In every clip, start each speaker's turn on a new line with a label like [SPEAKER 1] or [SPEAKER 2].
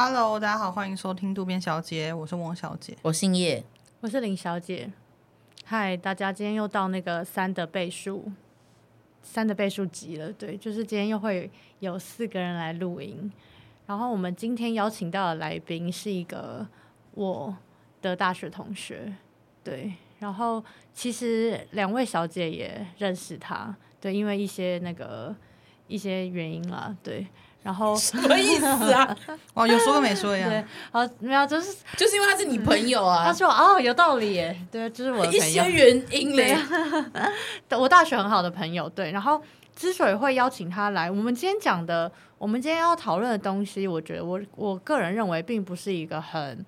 [SPEAKER 1] Hello，大家好，歡迎收聽渡邊小姐，我是王小姐，我姓葉，我是林小姐。嗨，大家，今天又到那個三的倍數，三的倍數集了，對，就是今天又會有四個人來錄音。然後我們今天邀請到的來賓是一個我的大學同學，對，然後其實兩位小姐也認識他，對，因為一些那個一些原因啦。對。然後什麼意思啊？哦， 有說沒說呀？對，啊，沒有，就是就是因為他是你朋友啊。嗯、他說哦，有道理耶。 對，就是我的朋友一些原因嘞。啊、 我大學很好的朋友，對。然後之所以會邀請他來，我們今天講的，我們今天要討論的東西，我覺得我我個人認為並不是一個很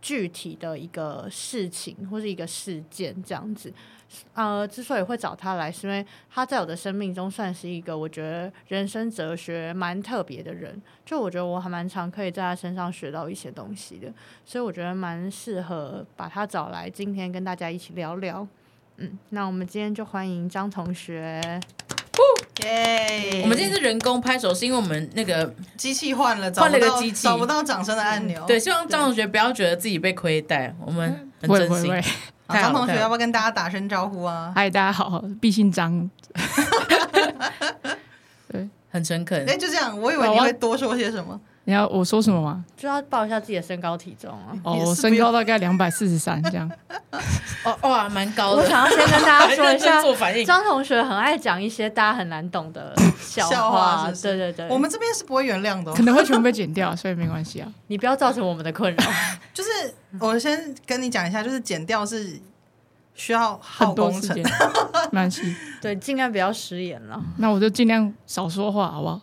[SPEAKER 1] 具體的一個事情或是一個事件這樣子。呃，之所以會找他來，是因為他在我的生命中算是一個我覺得人生哲學蠻特別的人。就我覺得我還蠻常可以在他身上學到一些東西的，所以我覺得蠻適合把他找來今天跟大家一起聊聊。嗯，那我們今天就歡迎張同學。耶！
[SPEAKER 2] 我們今天是人工拍手，是因為我們那個機器換了找，換了個機器找不到
[SPEAKER 3] 掌聲的按鈕。
[SPEAKER 2] 對，希望張同學不要覺得自己被虧待。我們。嗯會會
[SPEAKER 3] 會，張同學要不要跟大家打聲招呼啊？
[SPEAKER 4] 嗨、哎，大家好，好，敝姓張， 對，很誠懇。哎、欸，就
[SPEAKER 1] 這樣，我以為你會多說些什麼。
[SPEAKER 4] 你要我說什麼嗎？
[SPEAKER 1] 就要報一下自己的身高體重啊。哦，我身
[SPEAKER 4] 高大概兩百四十三，這樣。
[SPEAKER 1] 哦哇，蠻高的。我想要先跟大家說一下，張同學很愛講一些大家很難懂的笑話。笑話是是對對對，我們這邊是不會原諒的哦，可能會
[SPEAKER 4] 全部被剪掉，所以沒關係啊。 你不要造成我們的困擾。
[SPEAKER 3] 就是我先跟你講一下，就是剪掉是
[SPEAKER 1] 需要
[SPEAKER 4] 耗工程，沒關係 。
[SPEAKER 1] 對，儘量不要食言了。
[SPEAKER 4] 那我就儘量少說話，好不好？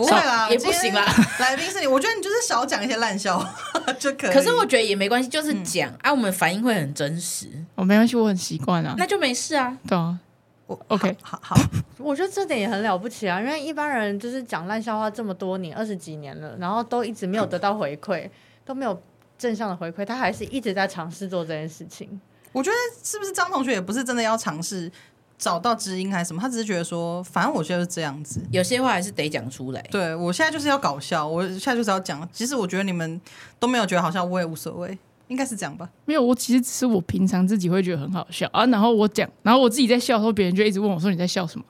[SPEAKER 4] 不會啦，也不
[SPEAKER 1] 行啦。來賓是你，我覺得你就是少
[SPEAKER 2] 講一些爛笑話就可以。可是我覺得也沒關係，就是講、嗯、啊，我們反應會很真實。
[SPEAKER 4] 我、喔、沒關係，我很習慣啊，那就沒事啊。對啊，我 OK，好好。好好
[SPEAKER 1] 我覺得這點也很了不起啊，因為一般人就是講爛笑話這麼多年，二十幾年了，然後都一直沒有得到回饋、嗯，都沒有正向的回饋，他還是一直在嘗試做這件事情。我
[SPEAKER 3] 覺得是不是張同學也不是真的要嘗試。找到知音還是什麼？他只是覺得說，反正我覺得是這樣子，有些話還是得講出來。對我現在就是要搞笑，我現在就是要講。其實我覺得你們都沒有覺得好笑我也無所謂，應該是這樣吧？
[SPEAKER 4] 沒有，我其實只是我平常自己會覺得很好笑啊。然後我講，然後我自己在笑的時候，別人就一直問我說你在笑什麼。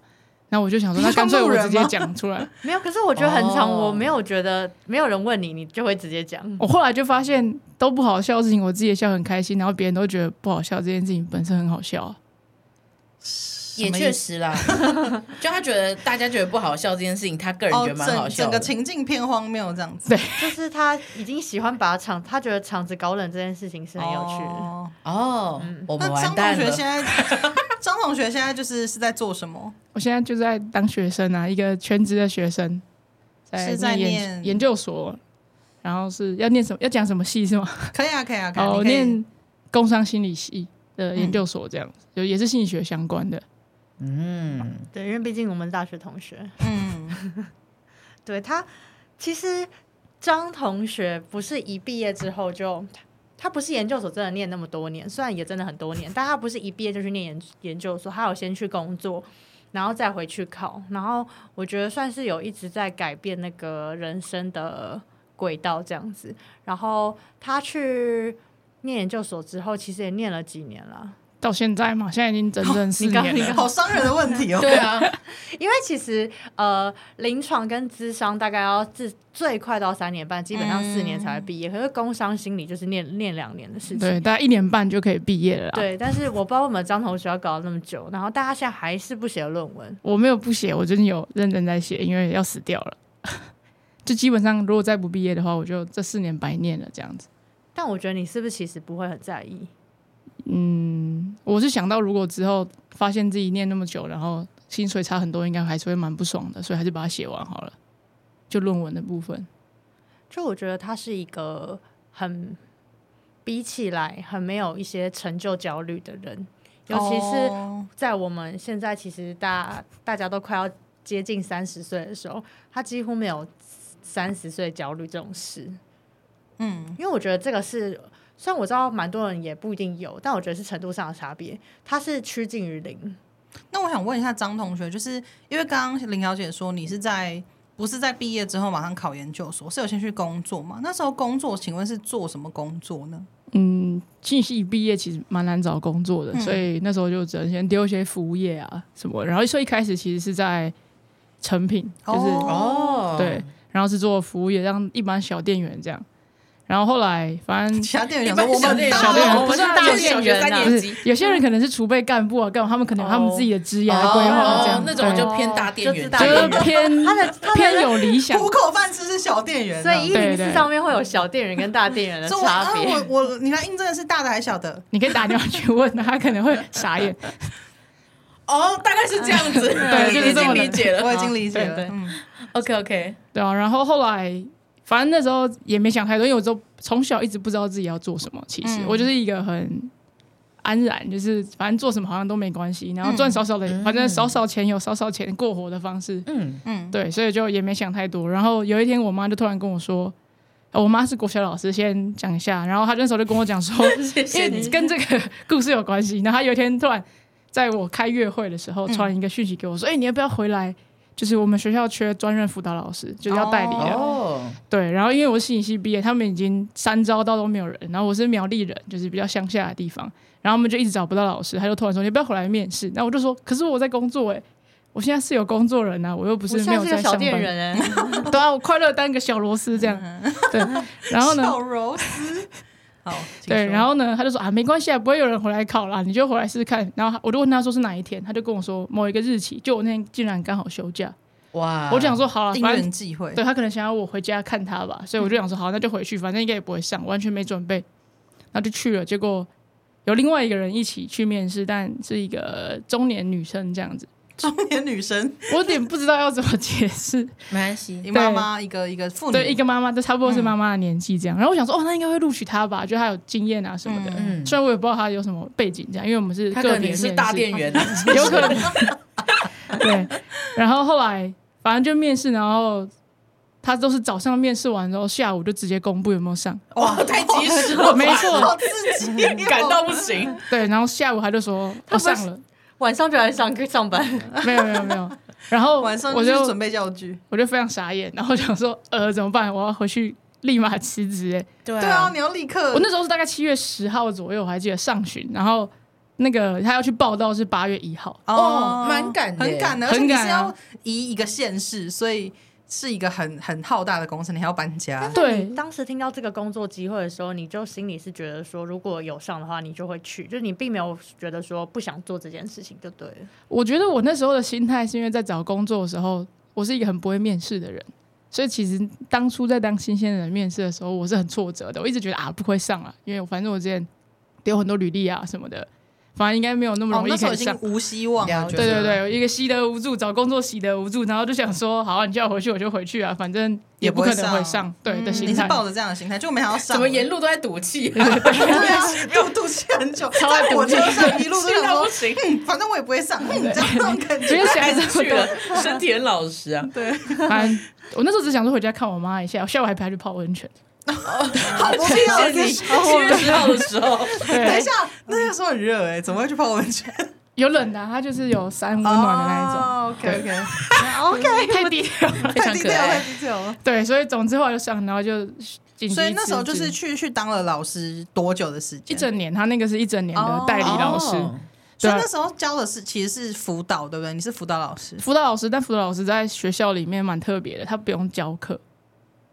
[SPEAKER 4] 然後我就想說，那乾脆我直接講出來。 沒有，可是我覺得很常，我
[SPEAKER 1] 沒有覺得沒有人問你，你就會直接講。Oh. 我
[SPEAKER 4] 後來就發現，都不好笑的事情，我自己也笑很開心，然後別人都覺得不好笑，這件事情本身很好笑啊。也確實
[SPEAKER 1] 啦， 就他覺得
[SPEAKER 2] 大家覺得不好笑這件事情，他個人覺得蠻好笑的，哦整，整個
[SPEAKER 1] 情境偏荒謬這樣子。對， 就是他已經喜歡把場，他覺得場子搞冷這件事情是很有趣的哦。
[SPEAKER 4] 嗯、哦我不那張同學
[SPEAKER 1] 現在，張 同學現在就是是在做什麼？
[SPEAKER 4] 我現在就是在當學生啊，一個全職的學生，在念是在念研究所，然後是要念什麼？要講什麼系是嗎？可以啊，可以啊，可以啊哦可以，念工商心理系的研究所這樣子，嗯、就也是心理學相關的。
[SPEAKER 1] 嗯，對，因為畢竟我們大學同學，嗯 對，對他其實張同學不是一畢業之後就他不是研究所真的念那麼多年，雖然也真的很多年，但他不是一畢業就去念研研究所，他有先去工作，然後再回去考，然後我覺得算是有一直在改變那個人生的軌道這樣子。然後他去念研究所之後，其實也念了幾年了。
[SPEAKER 4] 到現在嘛，現在已經整整四年，哦、你剛剛你剛剛好傷人的問題哦。 對啊，因為其
[SPEAKER 1] 實呃，臨床跟諮商大概要至最快到三年半，基本上四年才會畢業，嗯。可是工商心理就是念念兩年的事情，對，大
[SPEAKER 4] 概一年半就可以畢業了。對，
[SPEAKER 1] 但是我不知道為什麼張同學要搞那麼久，然後大家現在還是不寫論文。
[SPEAKER 4] 我沒有不寫，我最近有認真在寫，因為要死掉了。 就基本上，如果再不畢業的話，我就這四年白念了這樣子。
[SPEAKER 1] 但我覺得你是不是其實不會很在意？
[SPEAKER 4] 嗯，我是想到如果之後發現自己念那麼久，然後薪水差很多，應該還是會蠻不爽的，所以還是把它寫完好了。就論文的部分，
[SPEAKER 1] 就我覺得他是一個很比起來很沒有一些成就焦慮的人，
[SPEAKER 4] 尤其是
[SPEAKER 1] 在我們現在其實大大家都快要接近三十歲的時候，他幾乎沒有三十歲焦慮這種事。嗯，因為我覺得這個是。雖然我知道蠻多人也不一定有，但我覺得是程度上的差別，它是趨近於零。那我想問一下張同學，就是因為剛
[SPEAKER 3] 剛林小姐說你是在不是在畢業之後馬上考研究所，是有先去工作嗎？那時候工作，請問是做什麼工作呢？嗯，
[SPEAKER 4] 進一畢業其實蠻難找工作的、嗯，所以那時候就只能先丟一些服務業啊什麼，然後所以一開始其實是在成品，就是哦對，然後是做服務業，像一般小店員這樣。然後後來，反正小店員，你們我們小店員不是大店員、啊，啊、有些人可能是儲備幹部啊，幹、哦、嘛？他們可能有他們自己的職業規劃，這樣那種就偏、
[SPEAKER 2] 是、大店員，
[SPEAKER 4] 就是偏他的偏有理想，糊口飯吃是小店員、啊。所以一零四上面
[SPEAKER 2] 會
[SPEAKER 3] 有
[SPEAKER 1] 小店員跟大店
[SPEAKER 3] 員的差別。我、啊、我，我你看印證的是大的還是小的？
[SPEAKER 4] 你可以打電話去問他，他可能會傻眼。
[SPEAKER 2] 哦，大概是
[SPEAKER 4] 這樣子，啊、對，就已經理解了，我已經理解了。啊、嗯，OK OK，對啊，然後後來。反正那時候也沒想太多，因為我都從小一直不知道自己要做什麼。其實、嗯、我就是一個很安然，就是反正做什麼好像都沒關係，然後賺少少的、嗯，反正少少錢有少少錢過活的方式。嗯嗯，對，所以就也沒想太多。然後有一天，我媽就突然跟我說，哦、我媽是國學老師，先講一下。然後她那時候就跟我講說， 因為跟這個故事有關係。然後她有一天突然在我開月會的時候，傳一個訊息給我，說：“哎、嗯欸，你要不要回來？”就是我們學校缺專任輔導老師，就是要代理的。Oh, oh. 對，然後因為我是信息畢業，他們已經三招到都沒有人。然後我是苗栗人，就是比較鄉下的地方，然後我們就一直找不到老師。他就突然說：“你不要回來面試。”然後我就說：“可是我在工作哎，我現在是有工作人啊，我又不是沒有在上班。我是一個小店人對、欸、啊，我快樂當個小螺絲這樣。對，然後呢？小好，對，然後呢，他就說啊，沒關係，不會有人回來考啦，你就回來試試看。然後我就問他說是哪一天，他就跟我說某一個日期。就我那天竟然剛好休假，哇！我就想說好了，反正，對他可能想要我回家看他吧，所以我就想說好，那就回去，反正應該也不會上，完全沒準備。然後就去了，結果有另外一個人一起去面試，但是一個中年女生這樣子。中年女生，我有點不知道要怎麼解釋。沒關係，
[SPEAKER 3] 你媽媽一個，媽媽一，個一個父母對一個
[SPEAKER 4] 媽媽都差不多是媽媽的年紀這樣、嗯。然後我想說，哦，那應該會錄取她吧？就她有經驗啊什麼的。嗯，雖然我也不知道她有什麼背景這樣，因為我們是個別面試。她可能是大店員，有可能。 對，然後後來反正就面試，然後她都是早上面試完之後，然後下午就直接公布有沒有上。哇，太及時了，沒錯，
[SPEAKER 2] 感到不行。
[SPEAKER 4] 對，然後下午他就說他上了。晚上就來上課上班， 沒有沒有沒有，然後晚上我就準備教具，我就非常傻眼，然後想說呃怎麼辦？我要回去立馬辭職，對啊，你要立刻。我那時候是大概七月十號左右，我還記得上旬，然後那個他要去報到是八月一號，哦，蠻趕的，很趕的，而且你是要移
[SPEAKER 3] 一個縣市，所以。是一個很很浩大的工程，你還要搬家。對，
[SPEAKER 1] 當時聽到這個工作機會的時候，你就心裡是覺得說，如果有上的話，你就會去，就是你並沒有覺得說不想做這件事情，就對了
[SPEAKER 4] 對。我覺得我那時候的心態是因為在找工作的時候，我是一個很不會面試的人，所以其實當初在當新鮮人面試的時候，我是很挫折的。我一直覺得啊，不會上啊，因為反正我之前丟很多履歷啊什麼的。反正應該沒有那麼容易、哦、那時候已經無希望了了。對對對，一個習得無助，找工作習得無助，然後就想說，嗯、好、啊，你叫我回去我就回去啊，反正也不可能會上，不會上。對、嗯、的心態，你是抱着這樣的心態，就沒想到上。什麼沿路都在賭氣、啊，
[SPEAKER 2] 對啊，賭 氣很久，在火車上一路上一路氣，反正我也不會上。 嗯嗯、對這種感覺，昨 小孩子去了， 身體很老實啊。對，
[SPEAKER 4] 反正我那時候只想說回家看我媽一下，我下午還陪她去泡溫泉。 oh, 好不你，謝 謝。七月一號的時候， 你 對 對 等一下， 那個時候很熱哎、欸，怎麼會去泡溫泉？有冷的、啊，它就是有三溫暖的那一種。Oh, OK OK 太低調，太低調，太低調。對，所以總之後來就想，然後就進去。所以那時候就是去去當了老師多久的時間？一整年，他那個是一整年的代理老師。Oh, oh. 啊、所以那時
[SPEAKER 3] 候教的是其實是輔導，對不對？你是輔導老師，輔、啊、
[SPEAKER 4] 導老師，但輔導老師在學校裡面蠻特別的，他不用教課。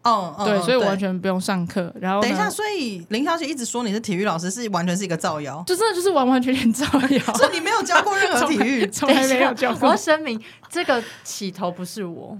[SPEAKER 3] 嗯嗯，對，所以我完全
[SPEAKER 4] 不用上課。然後等一下，所
[SPEAKER 3] 以林小姐一直說你是體育老師，是完全是一個造謠，
[SPEAKER 4] 就真的就是完完全全
[SPEAKER 1] 造謠， 所以你沒
[SPEAKER 4] 有教過任何體育，從 來沒有教
[SPEAKER 1] 過。 我要聲明，這個起頭不是我，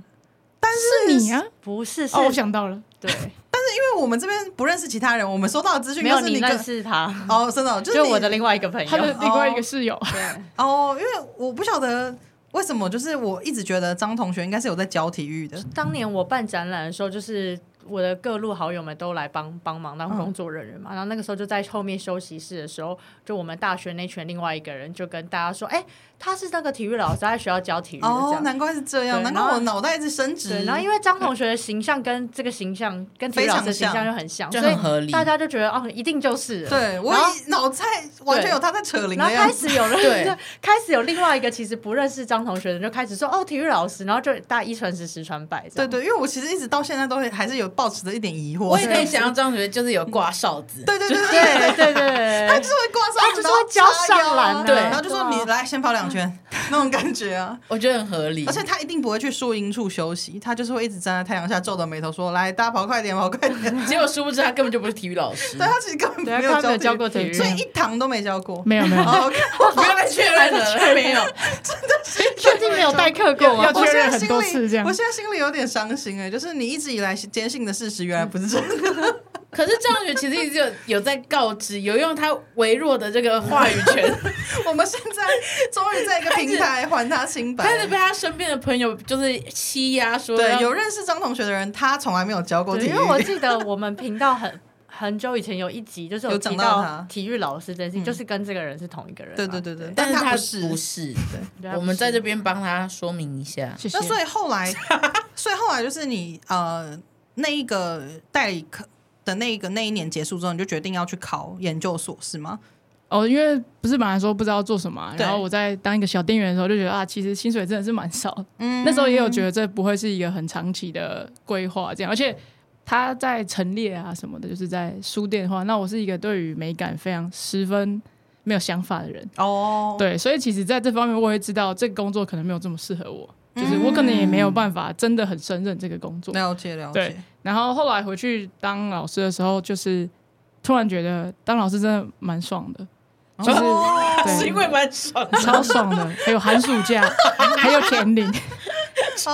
[SPEAKER 1] 但是，是你啊，不是，是哦，我想到了，對。 但是因為我們
[SPEAKER 3] 這邊不認識其他人，我們收到的資訊沒有你認識他哦，真、oh, 的、so no，就是我的另
[SPEAKER 1] 外一個朋友，他、oh, 的、oh, 另外一個室友，
[SPEAKER 3] 對哦，因為我不曉得。為什麼？就是我一直覺得張同學應該是有在教體育的。當
[SPEAKER 1] 年我辦展覽的時候，就是。我的各路好友們都來幫幫忙當、那個、工作人員嘛、嗯，然後那個時候就在後面休息室的時候，就我們大學那群另外一個人就跟大家說：“哎、欸，他是那個體育老師，他在學校教體育。”哦，難怪是這樣，然後難怪我腦袋一直伸直。然後因為張同學的形象跟這個形象跟體育老師的形象就很像，就很合理，大家就覺得哦，一定就是。對，我腦袋完全有他在扯鈴。然後開始有了對，就開始有另外一個其實不認識張同學的人就開始說：“哦，體育老師。”然後就大家一傳十，十傳百。對對，因為我其實一直到現在都會還是有。抱持着一點疑惑，我也可以想象
[SPEAKER 2] 張同學就是有掛哨子，對對對對
[SPEAKER 1] 對對，對對對對 他就是會掛哨子，就是會教上
[SPEAKER 3] 籃，對，然後就說你來先跑兩圈那種感覺啊，我覺得很合理，而且他一定不會去樹蔭處休息，他就是會一直站在太陽下皺着眉頭說，來大家跑快點跑快點。結果殊不
[SPEAKER 2] 知他根本就不是體育老師，對他
[SPEAKER 3] 其實根本沒有教，剛剛教過體育，所以一堂都沒教過，沒有沒有，好好看。我不要被確認的，認了沒有，
[SPEAKER 2] 真的是，確定沒有代課過啊，我現在
[SPEAKER 3] 心裡我現在心裡有點傷心哎、欸，就是你一直以來堅信。的事實原來不是真
[SPEAKER 2] 的， 可是張同學其實一直有有在告知，有用他微弱的這個話語權。 我們現在終於在一個平台還
[SPEAKER 3] 他清白，開始被
[SPEAKER 2] 他身邊的朋友就是
[SPEAKER 1] 欺壓。說對，有認識張同學的人，他從來沒有教過體育。因為我記得我們頻道很很久以前有一集，就是有提到體育老師的，就是跟這個人是同一個人，嗯。對對對對，對但是他不是，但他
[SPEAKER 2] 不是，不是。對，我們在這邊幫他說明一下，明一下謝謝。那所
[SPEAKER 1] 以
[SPEAKER 3] 後來，所以後來就是你呃。那一個代理課的那一個那一年結束之後，你就決定要去考研究所是嗎？
[SPEAKER 4] 哦，因為不是本來說不知道做什麼、啊，然後我在當一個小店員的時候就覺得啊，其實薪水真的是蠻少。嗯，那時候也有覺得這不會是一個很長期的規劃這樣，而且他在陳列啊什麼的，就是在書店的話，那我是一個對於美感非常十分沒有想法的人。哦，對，所以其實在這方面，我會知道這個工作可能沒有這麼適合我。就是我可能也沒有辦法，嗯、真的很勝任這個工作。了解了解。對，然後後來回去當老師的時候，就是突然覺得當老師真的蠻爽的，就是是因、哦、為蠻爽的，超爽的， 還有寒暑假， 還有田林，超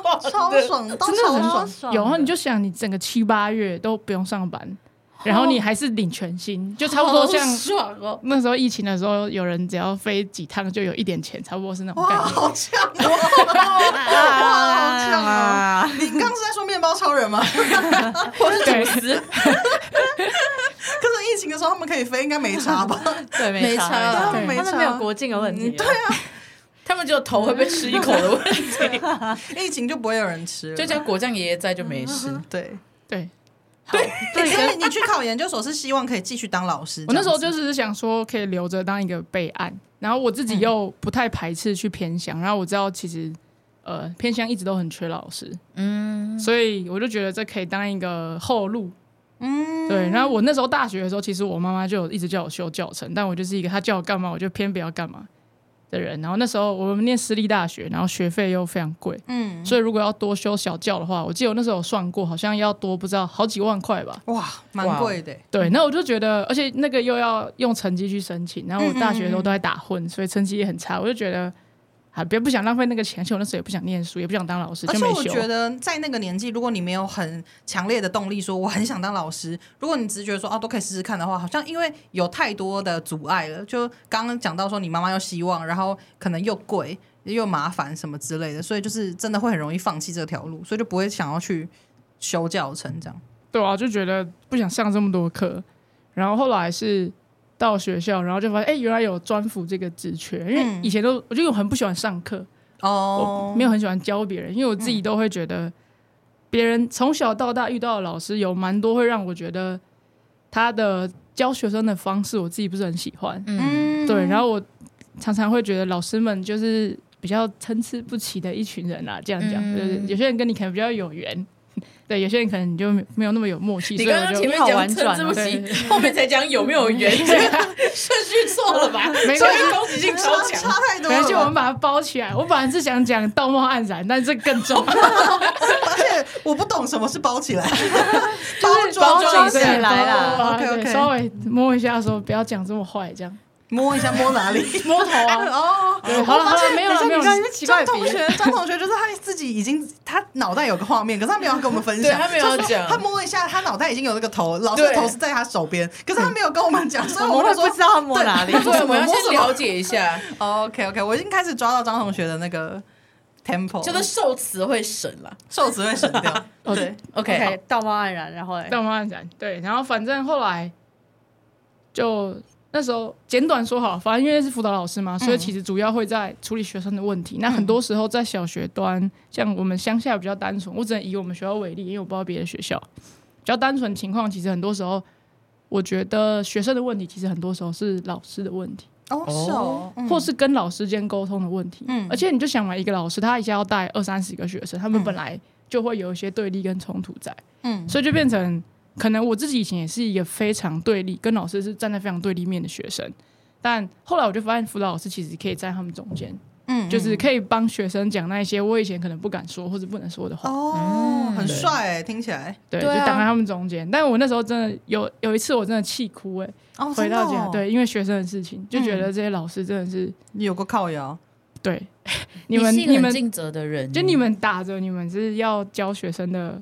[SPEAKER 4] 爽，超爽，真的很爽。有，然後你就想，你整個七八月都不用上班。然後你還是領全薪，oh, 就差不多像爽哦。那時候疫情的時候，有人只要飛幾趟就有一點錢，差不多是那種感覺。哇，好
[SPEAKER 3] 強、哦！ 哇，好強啊、哦！ 哦、 你剛剛是在說面包超人嗎？我
[SPEAKER 4] 是廚師。
[SPEAKER 2] 可是疫情的時候他們可以飛，應該沒差吧？ 對，沒差、欸，他們沒差，沒有國境的問題、啊嗯。對啊，他們只有頭會被吃一口的問題。 疫情就不會有人吃，就叫果醬爺爺在就沒事。 對，對。
[SPEAKER 3] 對，對、欸，所以你去考研究所是希望可以繼續當老師？ 我那時候
[SPEAKER 4] 就是想說，可以留着當一個備案。然後我自己又不太排斥去偏鄉，然後我知道其實、嗯、呃，偏鄉一直都很缺老師，嗯，所以我就覺得這可以當一個後路，嗯，
[SPEAKER 2] 對。然
[SPEAKER 4] 後我那時候大學的時候，其實我媽媽就一直叫我修教程，但我就是一個，她叫我幹嘛我就偏不要幹嘛，的人，然後那時候我們唸私立大學，然後學費又非常貴，嗯，所以如果要多修小教的話，我記得我那時候有算過，好像要多不知道好幾萬塊吧，哇，蠻貴的，對，那我就覺得，而且那個又要用成績去申請，然後我大學的時候都在打混，嗯嗯嗯嗯，所以成績也很差，我就覺得。啊，別不想浪費那個錢，其實我那時候也不想念書，也不想當老師。而且我覺得，
[SPEAKER 3] 在那個年紀，如果你沒有很強烈的動力，說我很想當老師，如果你只是覺得說哦、啊、都可以試試看的話，好像因為有太多的阻礙了。就剛剛講到說，你媽媽要希望，然後可能又貴又麻煩什麼之類的，所以就是真的會很容易放棄這條路，所以就不會想要去修教程這樣。
[SPEAKER 4] 對啊，就覺得不想上這麼多課，然後後來是到學校，然後就發現，哎、欸，原來有專輔這個職權，因為以前都，嗯、我就我很不喜歡上課，哦，我沒有很喜歡教別人，因為我自己都會覺得，別人從小到大遇到的老師有蠻多會讓我覺得，他的教學生的方式我自己不是很喜歡，嗯，對，然後我常常會覺得老師們就是比較參差不齊的一群人啊。這樣講、嗯，就是有些人跟你可能比較有緣。對，有些人可能就沒有那麼有默契，剛剛所以我就好婉轉了。不對，對，對，對。
[SPEAKER 2] 後面才講有沒有原因， 對啊、 順序錯了吧？沒關係，東西先說，差太多了。而且我們把
[SPEAKER 4] 它包起來。我本來是想講道貌岸然，但是更重。 而且我不懂什麼是包起來，
[SPEAKER 3] 包
[SPEAKER 4] 裝起來了。OK，, okay 稍微摸一下的時候，說不要講這麼壞，這樣。摸一下，摸哪裡？
[SPEAKER 1] 摸頭啊！啊哦，對好了。沒有沒有。張同學，張同學就是他
[SPEAKER 3] 自己已經，他腦袋有個畫面，可是他沒有跟我們分享，他沒有講。他摸一下，他腦袋已經有那個頭，老師的頭是在他手邊，可是他沒有跟我們講，嗯，所以我們會我會不知道他摸哪裡。對，我們要先了解一下。OK OK，我已經開始抓到張同學的那個 tempo，就是受
[SPEAKER 2] 詞會省了，
[SPEAKER 1] 受詞會省掉。 對
[SPEAKER 4] ，OK，, okay 道貌岸然，然後道貌岸然。對，然後反正後來就。那時候簡短說好，反正因為是輔導老師嘛，所以其實主要會在處理學生的問題。嗯、那很多時候在小學端，像我們鄉下比較單純，我只能以我們學校為例，因為我不知道別的學校。比較單純的情況，其實很多時候，我覺得學生的問題，其實很多時候是老師的問題哦，或是跟老師間溝通的問題、嗯。而且你就想嘛，一個老師他一下要帶二三十個學生，他們本來就會有一些對立跟衝突在，嗯，所以就變成。可能我自己以前也是一個非常對立，跟老師是站在非常對立面的學生，但後來我就發現輔導老師其實可以站在他們中間，嗯，
[SPEAKER 2] 嗯，就是可
[SPEAKER 4] 以幫學生講那些我以前可能不敢說或者不能說的話。哦，嗯、很帥、欸，聽起來對，對啊、就擋在他們中間。但我那時候真的有有一次我真的氣哭哎、欸哦，回到家、哦、對，因為學生的事情，就覺得這些老師真的是、嗯、你有個靠腰，對， 你們你們盡責的人，就你們打着你們就是要教學生的。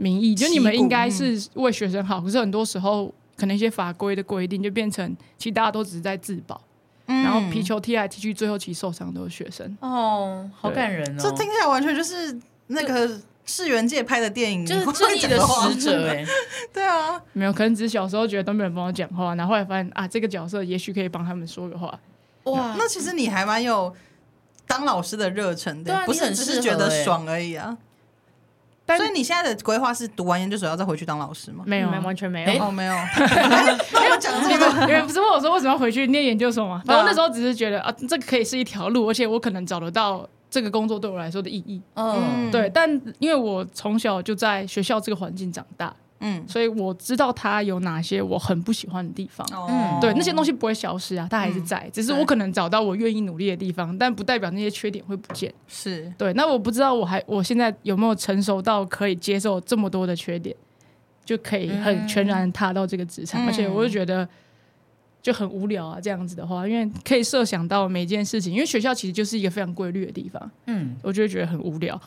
[SPEAKER 4] 名義，就你們應該是為學生好，可是很多時候可能一些法規的規定就變成，其實大家都只是在自保，嗯、然後皮球踢來踢去，最後其實受傷的都是學生。
[SPEAKER 2] 哦，
[SPEAKER 4] 好感人哦！這聽
[SPEAKER 2] 起來完全就是
[SPEAKER 3] 那個世元界拍的電影，就是正義的使者、欸。
[SPEAKER 4] 對啊，沒有可能只是小時候覺得都沒有人幫我講話，然後，後來發現啊，這個角色也許可以幫他們說個話。
[SPEAKER 3] 哇，那，那其實你還蠻有當老師的熱忱的、啊，不是只是覺得爽而已啊。所以你現在的規劃是讀完研究所要再回去當老師嗎？沒有，嗯、完
[SPEAKER 1] 全沒有、
[SPEAKER 4] 欸。哦，沒有。沒有講這麼多。有 人你們 不是問我說為什麼要回去念研究所嗎？反正、啊、那時候只是覺得啊，這個可以是一條路，而且我可能找得到這個工作對我來說的意義。嗯，對。但因為我從小就在學校這個環境長大。嗯，所以我知道他有哪些我很不喜歡的地方。嗯，嗯對，那些東西不會消失啊，他還是在，嗯、只是我可能找到我願意努力的地方、嗯，但不代表那些缺點會不見。是對，那我不知道我還我現在有沒有成熟到可以接受這麼多的缺點，就可以很全然踏到這個職場、嗯，而且我就覺得就很無聊啊，這樣子的話，嗯、因為可以設想到每一件事情，因為學校其實就是一個非常規律的地方。嗯，我就會覺得很無聊，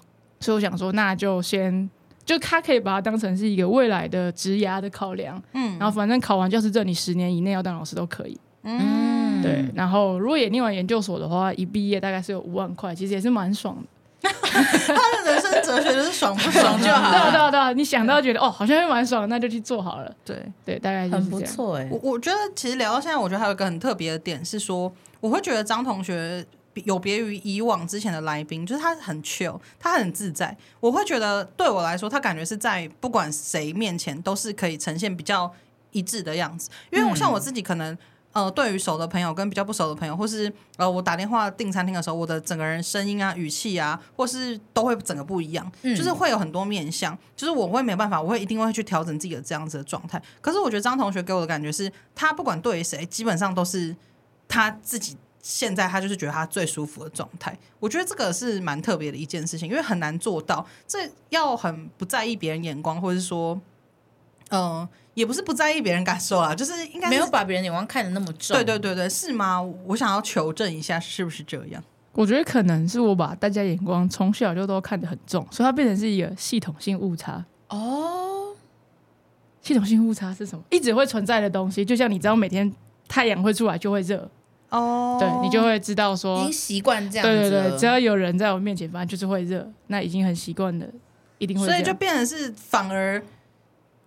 [SPEAKER 4] 所以我想說，那就先。就他可以把它當成是一個未來的職涯的考量，嗯，然後反正考完教師證，你十年以內要當老師都可以，嗯，對。然後如果也念完研究所的話，一畢業大概是有五萬塊，其實也是蠻爽的。
[SPEAKER 2] 他的人生哲學就是爽不爽就好了 對啊，對啊，
[SPEAKER 4] 對啊，對啊，對啊。你想到覺得哦，好像蠻爽，那就去做好了。對對，大概就是很不錯哎，欸。我
[SPEAKER 3] 我覺得其實聊到現在，我覺得還有一個很特別的點是說，我會覺得張同學。有別於以往之前的來賓，就是他很 chill，他很自在。我會覺得對我來說，他感覺是在不管誰面前都是可以呈現比較一致的樣子。因為我像我自己，可能、嗯、呃，對於熟的朋友跟比較不熟的朋友，或是呃，我打電話訂餐廳的時候，我的整個人聲音啊、語氣啊，或是都會整個不一樣，嗯、就是會有很多面向。就是我會沒辦法，我會一定會去調整自己的這樣子的狀態。可是我覺得張同學給我的感覺是，他不管對於誰，基本上都是他自己。現在他就是覺得他最舒服的狀態，我覺得這個是蠻特別的一件事情，因為很難做到。這要很不在意別人眼光，或者是說，嗯、呃，也不是不在意別人感受啊，就是應該沒有把別人眼光看得那麼重。對對對對，是嗎？我想要求證一下，是不是這樣？
[SPEAKER 4] 我覺得可能是我把大家眼光從小就都看得很重，所以它變成是一個系統性誤差。哦，系統性誤差是什麼？一直會存在的東西，就像你知道，每天太陽會出來就會熱。哦、oh,，對你就會知道說，已經習慣這樣，對對對，只要有人在我面前，反正就是會熱，那已經很習慣了，一定會。所以就
[SPEAKER 3] 變成是反而，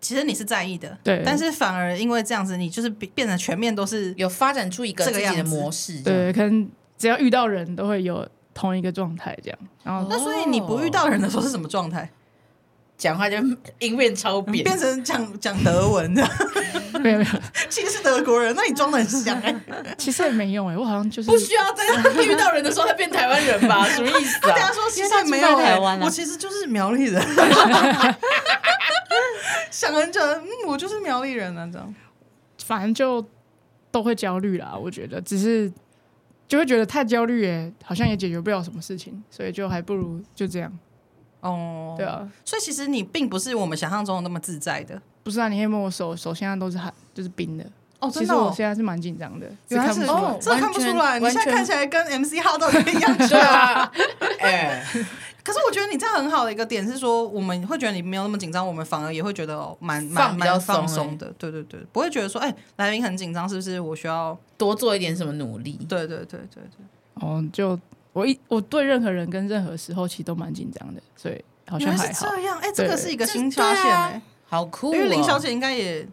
[SPEAKER 3] 其實你是在意的，對。但是反而因為這樣子，你就是變變成全面都是有發展出一個自己的模式，對，對，
[SPEAKER 4] 對，可能只要遇到人都會有同一個狀態這樣。然後、oh. 那所以你不遇到人的時候是什麼狀態？講話就
[SPEAKER 2] 音變超扁，變成講講德文
[SPEAKER 4] 的。 沒有沒有，其實是德國人，那你裝的很像。欸， 其實也沒用哎、欸，我好像就是不需要在他遇到人的時候變台灣人吧？什麼意思、啊？ 他等下說其實沒有、欸、在台灣、啊、我其實就是苗栗人， 想很久、嗯，我就是苗栗人這、啊、樣，反正就都會焦慮啦，我覺得，只是就會覺得太焦慮、欸，也好像也解決不了什麼事情，所以就還不如就這樣哦，
[SPEAKER 3] 對啊，所以其實你並不是我們想象中的那麼自在的。
[SPEAKER 4] 不是啊！你可以摸我手，手現在都是汗，就是冰的。哦，真的哦，其實我現在是蠻緊張的，有看不出來？哦、這看不出來你現在看
[SPEAKER 3] 起來跟 MC 號都一樣。 對啊。哎、 欸。 可是我覺得你這樣很好的一個點是說，我們會覺得你沒有那麼緊張，我們反而也會覺得蠻蠻蠻放鬆的放、欸。對對對，不會覺得說，哎、欸，來賓很緊張，是不是？我需要多做一點什麼努力？對對對對對、對。
[SPEAKER 4] 哦，就我一我對任何人跟任何時候其實都蠻緊張的，所以好像還好。哎、欸，這個是一個新發現、欸。哎好酷、哦，因為林小姐
[SPEAKER 1] 應該也，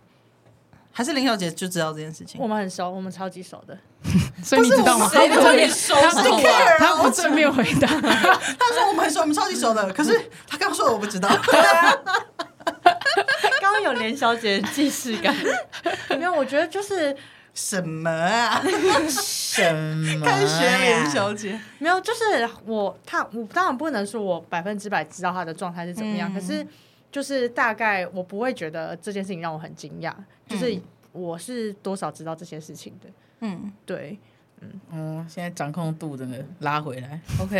[SPEAKER 1] 還是林小姐就知道這件事情。我們很熟，我們超級熟的， 所以你知道嗎？ 是我 是他有點熟悉我，他不正面回答。
[SPEAKER 3] 他說我們很熟，我們超級熟的。可是他剛剛說的我不知道。剛
[SPEAKER 1] 剛 有林小姐既
[SPEAKER 3] 視感。沒有，我覺得就是什麼啊？什麼？看學林小姐，
[SPEAKER 1] 小姐 沒有？就是我他，我當然不能說我百分之百知道他的狀態是怎麼樣，嗯、可是。就是大概我不會覺得這件事情讓我很驚訝，嗯、就是我是多少知道這些事情的。嗯，對，嗯
[SPEAKER 2] 嗯，現在掌控度真的拉回來，OK。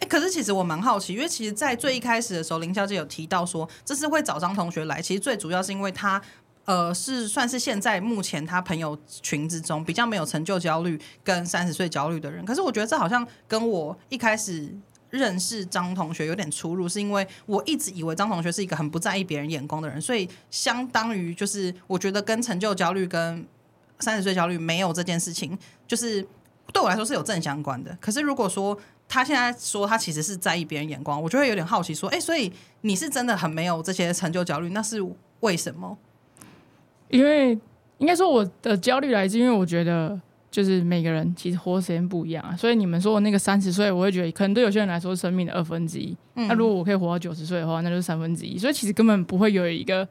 [SPEAKER 2] 哎、欸，可是其實我蠻好奇，因為其實，
[SPEAKER 3] 在最一開始的時候，林小姐有提到說，這次會找張同學來，其實最主要是因為他呃是算是現在目前他朋友群之中比較沒有成就焦慮跟三十歲焦慮的人。可是我覺得這好像跟我一開始。認識張同學有點出入，是因為我一直以為張同學是一個很不在意別人眼光的人，所以相當於就是我覺得跟成就焦慮、跟三十歲焦慮沒有這件事情，就是對我來說是有正相關的。可是如果說他現在說他其實是在意別人眼光，我就會有點好奇說，哎、欸，所以你是真的很沒有這些成就焦慮，那是為什麼？
[SPEAKER 4] 因為應該說我的焦慮來自於，因為我覺得。就是每個人其實活的時間不一樣啊，所以你們說我那個三十歲，我會覺得可能對有些人來說是生命的二分之一，那、啊、如果我可以活到九十歲的話，那就是三分之一，所以其實根本不會有一個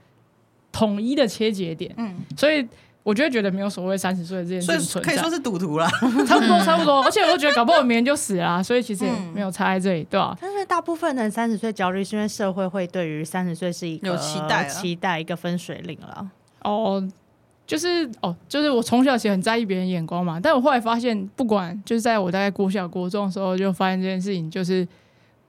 [SPEAKER 4] 統一的切節點。嗯，所以我就覺，覺得沒有所謂三十歲的這件事，所以可以說是賭徒了、嗯，差不多差不多。而且我都覺得搞不好明天就死了、啊。所以其實也沒有差在這裡，對吧、啊？但是大部分人三
[SPEAKER 1] 十歲焦慮，是因為社會會對於三十歲是一個期待，期待一個分水嶺了。
[SPEAKER 4] 哦。就是哦，就是我從小其實很在意別人眼光嘛，但我後來發現，不管就是在我大概國小國中的時候，就發現這件事情，就是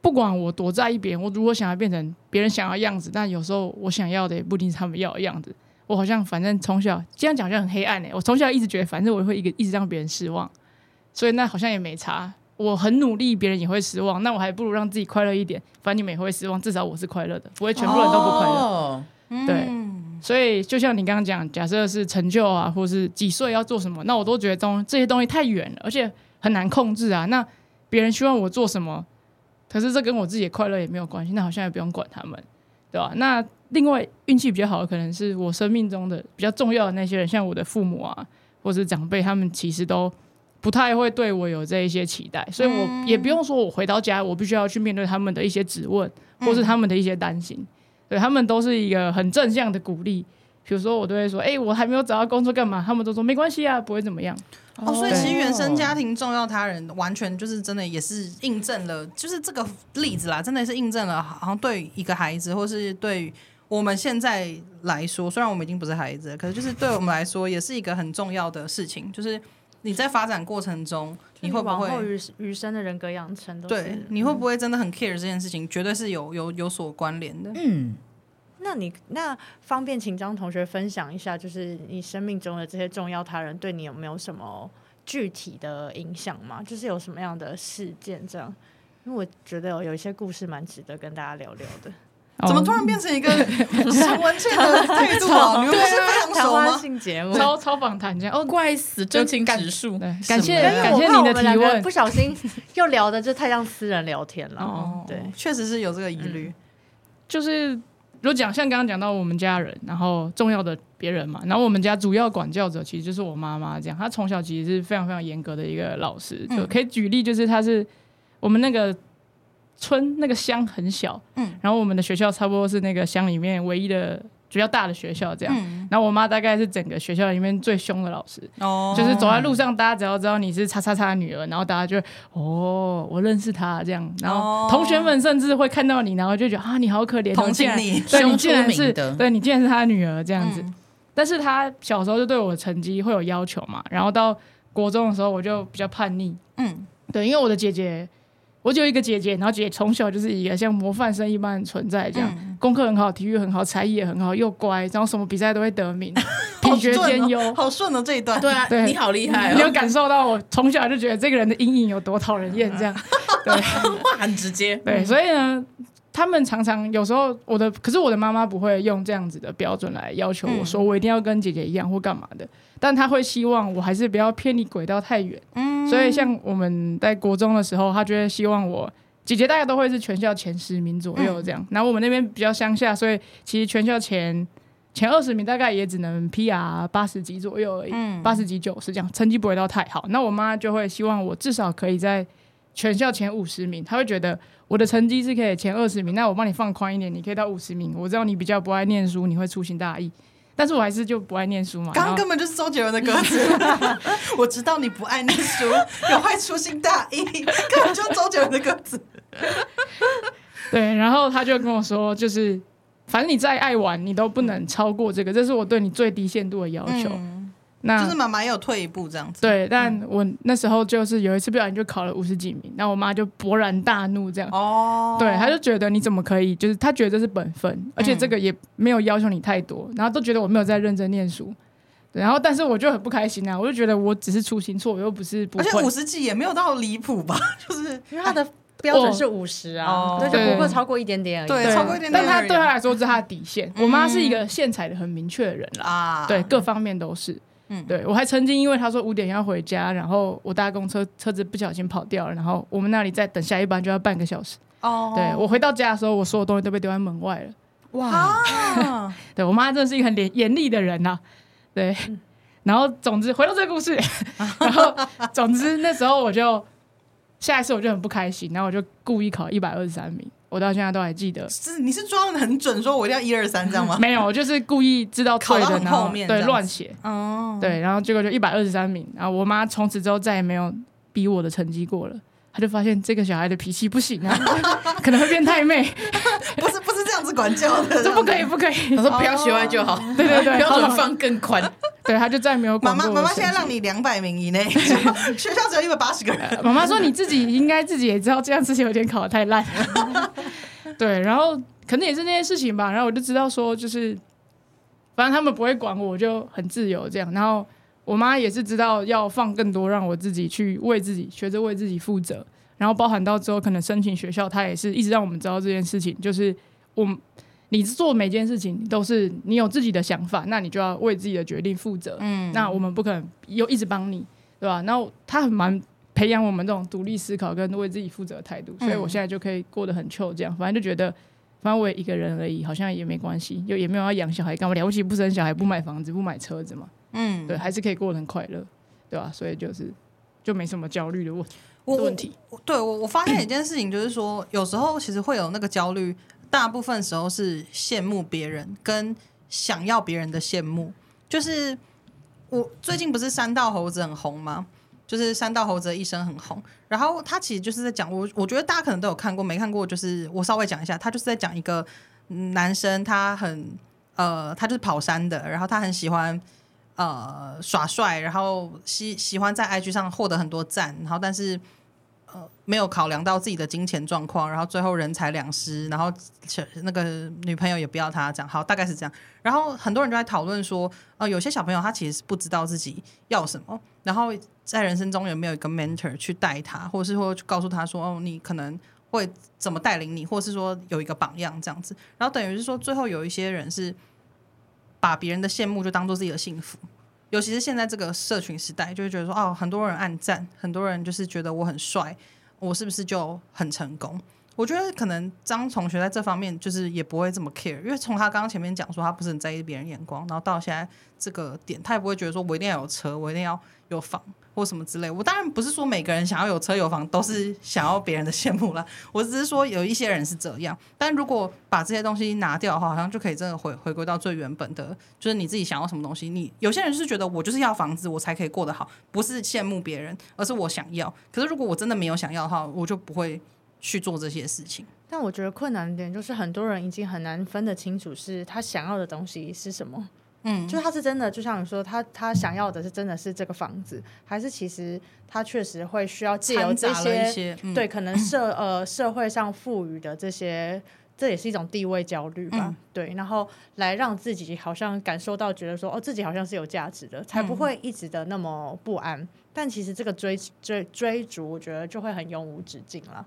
[SPEAKER 4] 不管我多在意別人，我如果想要變成別人想要的樣子，但有時候我想要的也不一定是他們要的樣子。我好像反正從小這樣講，就很黑暗哎、欸。我從小一直覺得，反正我會一個一直讓別人失望，所以那好像也沒差。我很努力，別人也會失望，那我還不如讓自己快樂一點，反正你們也會失望，至少我是快樂的，不會全部人都不快樂。Oh. 對。所以，就像你剛剛講，假設是成就啊，或是幾歲要做什麼，那我都覺得東這些東西太遠了，而且很難控制啊。那別人希望我做什麼，可是這跟我自己的快樂也沒有關係，那好像也不用管他們，對吧？那另外運氣比較好的可能是我生命中的比較重要的那些人，像我的父母啊，或是長輩，他們其實都不太會對我有這一些期待，所以我也不用說我回到家，我必須要去面對他們的一些質問，或是他們的一些擔心。對他們都是一個很正向的鼓勵，比如說我都會說，哎、欸，我還沒有找到工作幹嘛？他們都說沒關係啊，不會怎麼樣。哦，所以其實原生
[SPEAKER 3] 家庭重要他人，完全就是真的也是印證了，就是這個例子啦，真的是印證了，好像對一個孩子，或是對我們現在來說，雖然我們已經不是孩子，可是就是對我們來說，也是一個很重要的事情，就是你在發展過程中。你，你會不會往後
[SPEAKER 1] 餘餘生的人格養成都是？對，
[SPEAKER 3] 你會不會真的很 care 這件事情？嗯，絕對
[SPEAKER 1] 是有有有所關聯的。嗯，那你那方便請張同學分享一下，就是你生命中的這些重要他人對你有沒有什麼具體的影響嗎？就是有什麼樣的事件這樣？因為我覺得有一些故事蠻值得跟大家聊聊的。Oh, 怎麼突然變成一個陳文茜的退路？ 對對、啊、對，台灣性節目、超
[SPEAKER 4] 超訪談這樣，哦，怪死，真情指數。感謝感謝你的提問， 不小
[SPEAKER 1] 心又聊的就太像私人聊天了。Oh,
[SPEAKER 4] 對，確實是有這個疑慮、嗯。就是如果講像剛剛講到我們家人，然後重要的別人嘛，然後我們家主要的管教者其實就是我媽媽這樣，她從小其實是非常非常嚴格的一個老師、嗯，就可以舉例就是她是我們那個。村那個鄉很小，嗯，然後我們的學校差不多是那個鄉裡面唯一的比較大的學校，這樣、嗯。然後我媽大概是整個學校裡面最兇的老師，哦，就是走在路上，大家只要知道你是叉叉叉的女兒，然後大家就哦，我認識她這樣。然後同學們甚至會看到你，然後就覺得啊，你好可憐、哦，同情你，對你竟然是，對你竟然是她女兒這樣子。嗯、但是她小時候就對我的成績會有要求嘛，然後到國中的時候我就比較叛逆，嗯，對，因為我的姐姐。我就一個姐姐，然後姐姐從小就是一個像模範生一般存在，這樣。嗯嗯，功課很好，體育很好，才藝也很好，又乖，然後什麼比賽都會得名，品 學、喔、兼優。好順哦、喔，這一段。 對啊，你好厲害、喔。你有感受到我， 我從小就覺得這個人的陰影有多討人厭這， 這樣。對，
[SPEAKER 2] 話 很直接。對，所以
[SPEAKER 4] 呢。他們常常有時候，我的可是我的媽媽不會用這樣子的標準來要求我說我一定要跟姐姐一樣或幹嘛的、嗯，但她會希望我還是不要偏離軌道太遠，嗯。所以像我們在國中的時候，她就會希望我姐姐大家都會是全校前十名左右這樣。嗯、然後我們那邊比較鄉下，所以其實全校前前二十名大概也只能 P R 八十幾左右而已，八、嗯、十幾九十這樣，成績不會到太好。那我媽就會希望我至少可以在全校前五十名，她會覺得。我的成績是可以前二十名，那我幫你放寬一點，你可以到五十名。我知道你比較不愛念書，你會粗心大意，但是我還是就不愛念書嘛。剛剛根
[SPEAKER 3] 本就是周杰倫的歌詞，嗯、 我知道你不愛念書， 你會粗心大意，根本就周杰倫的歌詞。
[SPEAKER 4] 對，然後他就跟我說，就是反正你再愛玩，你都不能超過這個，這是我對你最低限度的要求。嗯那就是媽媽也有退一步這樣子，對、嗯，但我那時候就是有一次不小心就考了五十幾名，然後我媽就勃然大怒這樣，哦，對，她就覺得你怎麼可以，就是她覺得這是本分，而且這個也沒有要求你太多，然後都覺得我沒有在認真念書，然後但是我就很不開心啊，我就覺得我只是粗心錯，又不是不，而且五十幾也沒有到離譜吧，就是因為他的標準是五
[SPEAKER 1] 十啊，那、哦、就不會超過一點點而已。對對，對，超過一點、點，但他對他來說是他
[SPEAKER 4] 的底線。嗯、我媽是一個線踩的很明確的人啊，對，各方面都是。嗯嗯，對，我還曾經因為他說五點要回家，然後我搭公車車子不小心跑掉了，然後我們那裡再等下一班就要半個小時。哦，對，我回到家的時候，我所有東西都被丟在門外了。
[SPEAKER 2] 哇，啊、
[SPEAKER 4] 對，我媽真的是一個很嚴嚴厲的人吶、啊。對、嗯，然後總之回到這個故事，啊、 然後總之那時候我就，下一次我就很不開心，然後我就故意考一百二十三名。我到現在都還記得，是你是抓的很準，說我一定要一二三，這樣嗎？沒有，我就是故意知道錯的，後面然後對亂寫哦，oh. 對，然後結果就一百二十三名，然後我媽從此之後再也沒有逼我的成績過了。我就發現這個小孩的脾氣不行啊，可能會變太妹， 不是不是這樣子管教的，說不可以不可以。可以 我說不要學壞就好,好、啊，對對對，標準放更寬？ 對，他就再沒有管過我。媽媽媽媽現在讓你兩百名以內，就學校只有一百八十個人。媽 媽說你自己應該自己也知道，這樣子有點考的太爛 對，然後可能也是那件事情吧，然後我就知道說，就是反正他們不會管我，我就很自由這樣。然後。我媽也是知道要放更多，讓我自己去為自己學着為自己負責，然後包含到之後可能申請學校，她也是一直讓我們知道這件事情，就是我你做每件事情都是你有自己的想法，那你就要為自己的決定負責。嗯，那我們不可能又一直幫你，對吧？然後她很蠻培養我們這種獨立思考跟為自己負責的態度，所以我現在就可以過得很 chill 這樣，反正就覺得反正我也一個人而已，好像也沒關係，就也沒有要養小孩幹嘛，了不起不生小孩，不買房子，不買車子嘛。嗯，對，還是可以過得很快樂，對吧、啊？所以就是就沒什麼焦慮的問問題。
[SPEAKER 3] 我我對我我發現一件事情，就是說 有時候其實會有那個焦慮，大部分時候是羨慕別人跟想要別人的羨慕。就是我最近不是山道猴子很紅嗎？就是山道猴子的一生很紅，然後他其實就是在講我，我覺得大家可能都有看過，沒看過就是我稍微講一下，他就是在講一個男生，他很呃，他就是跑山的，然後他很喜歡。呃，耍帥，然後喜喜歡在 IG 上獲得很多讚，然後但是呃沒有考量到自己的金錢狀況，然後最後人財兩失，然後那個女朋友也不要他，這樣，好，大概是這樣。然後很多人就在討論說，哦、呃，有些小朋友他其實是不知道自己要什麼，然後在人生中有沒有一個 mentor 去帶他，或者是說告訴他說，哦，你可能會怎麼帶領你，或者是說有一個榜樣這樣子，然後等於是說最後有一些人是。把別人的羨慕就當做自己的幸福，尤其是現在這個社群時代，就會覺得說，哦，很多人按讚，很多人就是覺得我很帥，我是不是就很成功？我覺得可能張同學在這方面就是也不會這麼 care，因為從他剛剛前面講說他不是很在意別人眼光，然後到現在這個點，他也不會覺得說我一定要有車，我一定要有房或什麼之類。我當然不是說每個人想要有車有房都是想要別人的羨慕啦，我只是說有一些人是這樣。但如果把這些東西拿掉的話，好像就可以真的回回歸到最原本的，就是你自己想要什麼東西。你有些人就是覺得我就是要房子，我才可以過得好，不是羨慕別人，而是我想要。可是如果我真的沒有想要的話，我就不會。去做這些事情，
[SPEAKER 1] 但我覺得困難點就是很多人已經很難分得清楚是他想要的東西是什麼。嗯，就是他是真的，就像你說，他他想要的是真的是這個房子，還是其實他確實會需要借由這些，些、嗯、對可能社呃社會上賦予的這些、嗯，這也是一種地位焦慮吧、嗯。對，然後來讓自己好像感受到覺得說哦自己好像是有價值的，才不會一直的那麼不安。嗯、但其實這個追追追逐，我覺得就會很永無止境了。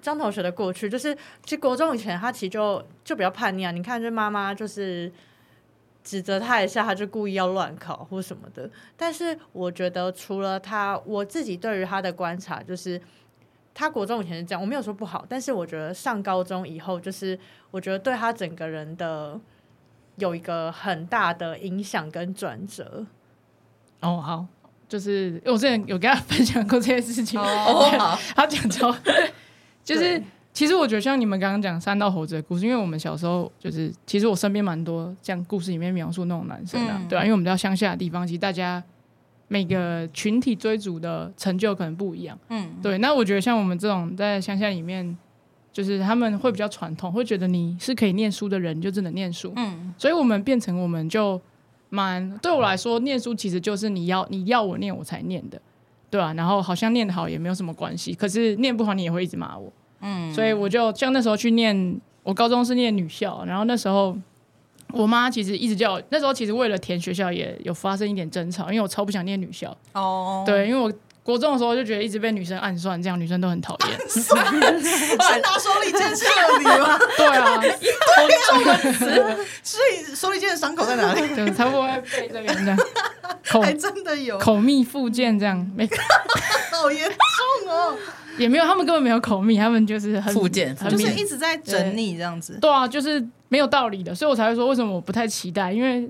[SPEAKER 1] 張同學的過去就是，其實國中以前他其實就就比較叛逆啊。你看，這媽媽就是指責他一下，他就故意要亂考或什麼的。但是我覺得，除了他，我自己對於他的觀察就是，他國中以前是這樣，我沒有說不好。但是我覺得上高中以後，就是我覺得對他整個人的有一個很大的影
[SPEAKER 4] 響跟轉折。哦，好，就是我之前有跟他分享過這件事情。哦， 哦 他講說。就是，其實我覺得像你們剛剛講山道猴子的故事，因為我們小時候就是，其實我身邊蠻多像故事裡面描述那種男生的，啊嗯，對吧？啊？因為我們在鄉下的地方，其實大家每個群體追逐的成就可能不一樣，嗯，對。那我覺得像我們這種在鄉下裡面，就是他們會比較傳統，會覺得你是可以念書的人，就只能念書，嗯。所以我們變成我們就蠻，對我來說，念書其實就是你要你要我念我才念的。對啊，然後好像念得好也沒有什麼關係，可是念不好你也會一直罵我。嗯，所以我就像那時候去念，我高中是念女校，然後那時候我媽其實一直叫我，那時候其實為了填學校也有發生一點爭吵，因為我超不想念女校。哦，對，因為我。國中的時候就覺得一直被女生暗算，這樣女生都很討厭。 是拿手裡劍射你嗎？ 對啊， 對啊，手裡劍的傷口在哪裡？對，他不會在背這邊的。 還真的有口蜜腹劍這樣， 好嚴重哦。 也沒有，他們根本沒有口蜜，他們就是很腹劍。就是一直在整你這樣子。對。對啊，就是沒有道理的，所以我才會說為什麼我不太期待，因為。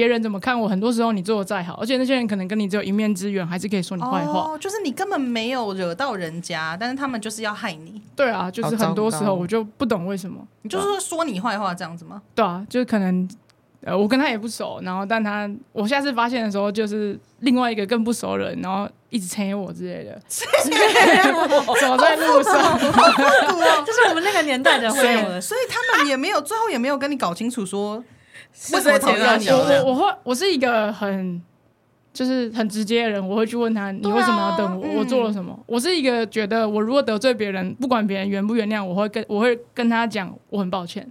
[SPEAKER 4] 別人怎麼看我？很多時候你做得再好，而且那些人可能跟你只有一面之緣，還是可以說你壞話。哦、oh,，就是你根
[SPEAKER 3] 本沒有惹到人家，但是
[SPEAKER 4] 他們就是要害你。對啊，就是很多時候我就不懂為什麼，oh, 你就是說說你壞話這樣子嗎？Oh. 對啊，就是可能呃，我跟他也不熟，然後但他我下次發現的時候，就是另外一個更不熟的人，然後一直踩我之類的， 走在路上，就是我
[SPEAKER 1] 們那個年代的會有的，所
[SPEAKER 4] 以他們也沒有最後也沒有跟你搞清楚說。為什麼討厭你？啊？我我會我是一個很就是很直接的人，我會去問他，你為什麼要等我？啊，我我做了什麼？嗯？我是一個覺得我如果得罪別人，不管別人原不原諒，我會跟我會跟他講我很抱歉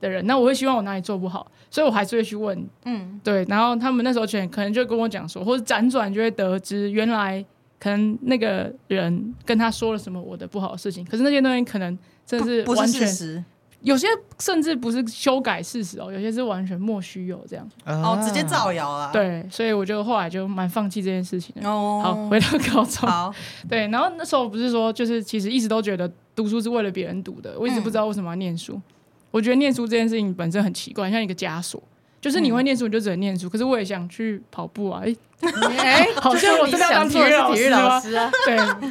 [SPEAKER 4] 的人。那我會希望我哪裡做不好，所以我還是會去問。嗯，對。然後他們那時候可能可能就會跟我講說，或者輾轉就會得知，原來可能那個人跟他說了什麼我的不好的事情，可是那些東西可能真的是完全不，不是事實有些甚至不是修改事實哦、喔，有些是完全莫須有這樣哦，直接造謠啊。對，所以我就後來就蠻放棄這件事情的。哦，好，回到高中。好，對，然後那時候不是說，就是其實一直都覺得讀書是為了別人讀的，我一直不知道為什麼要念書、嗯。我覺得念書這件事情本身很奇怪，像一個枷鎖。就是你會念書，你就只能念書、嗯。可是我也想去跑步啊！哎 好像我真的想做的是體育老師啊。 對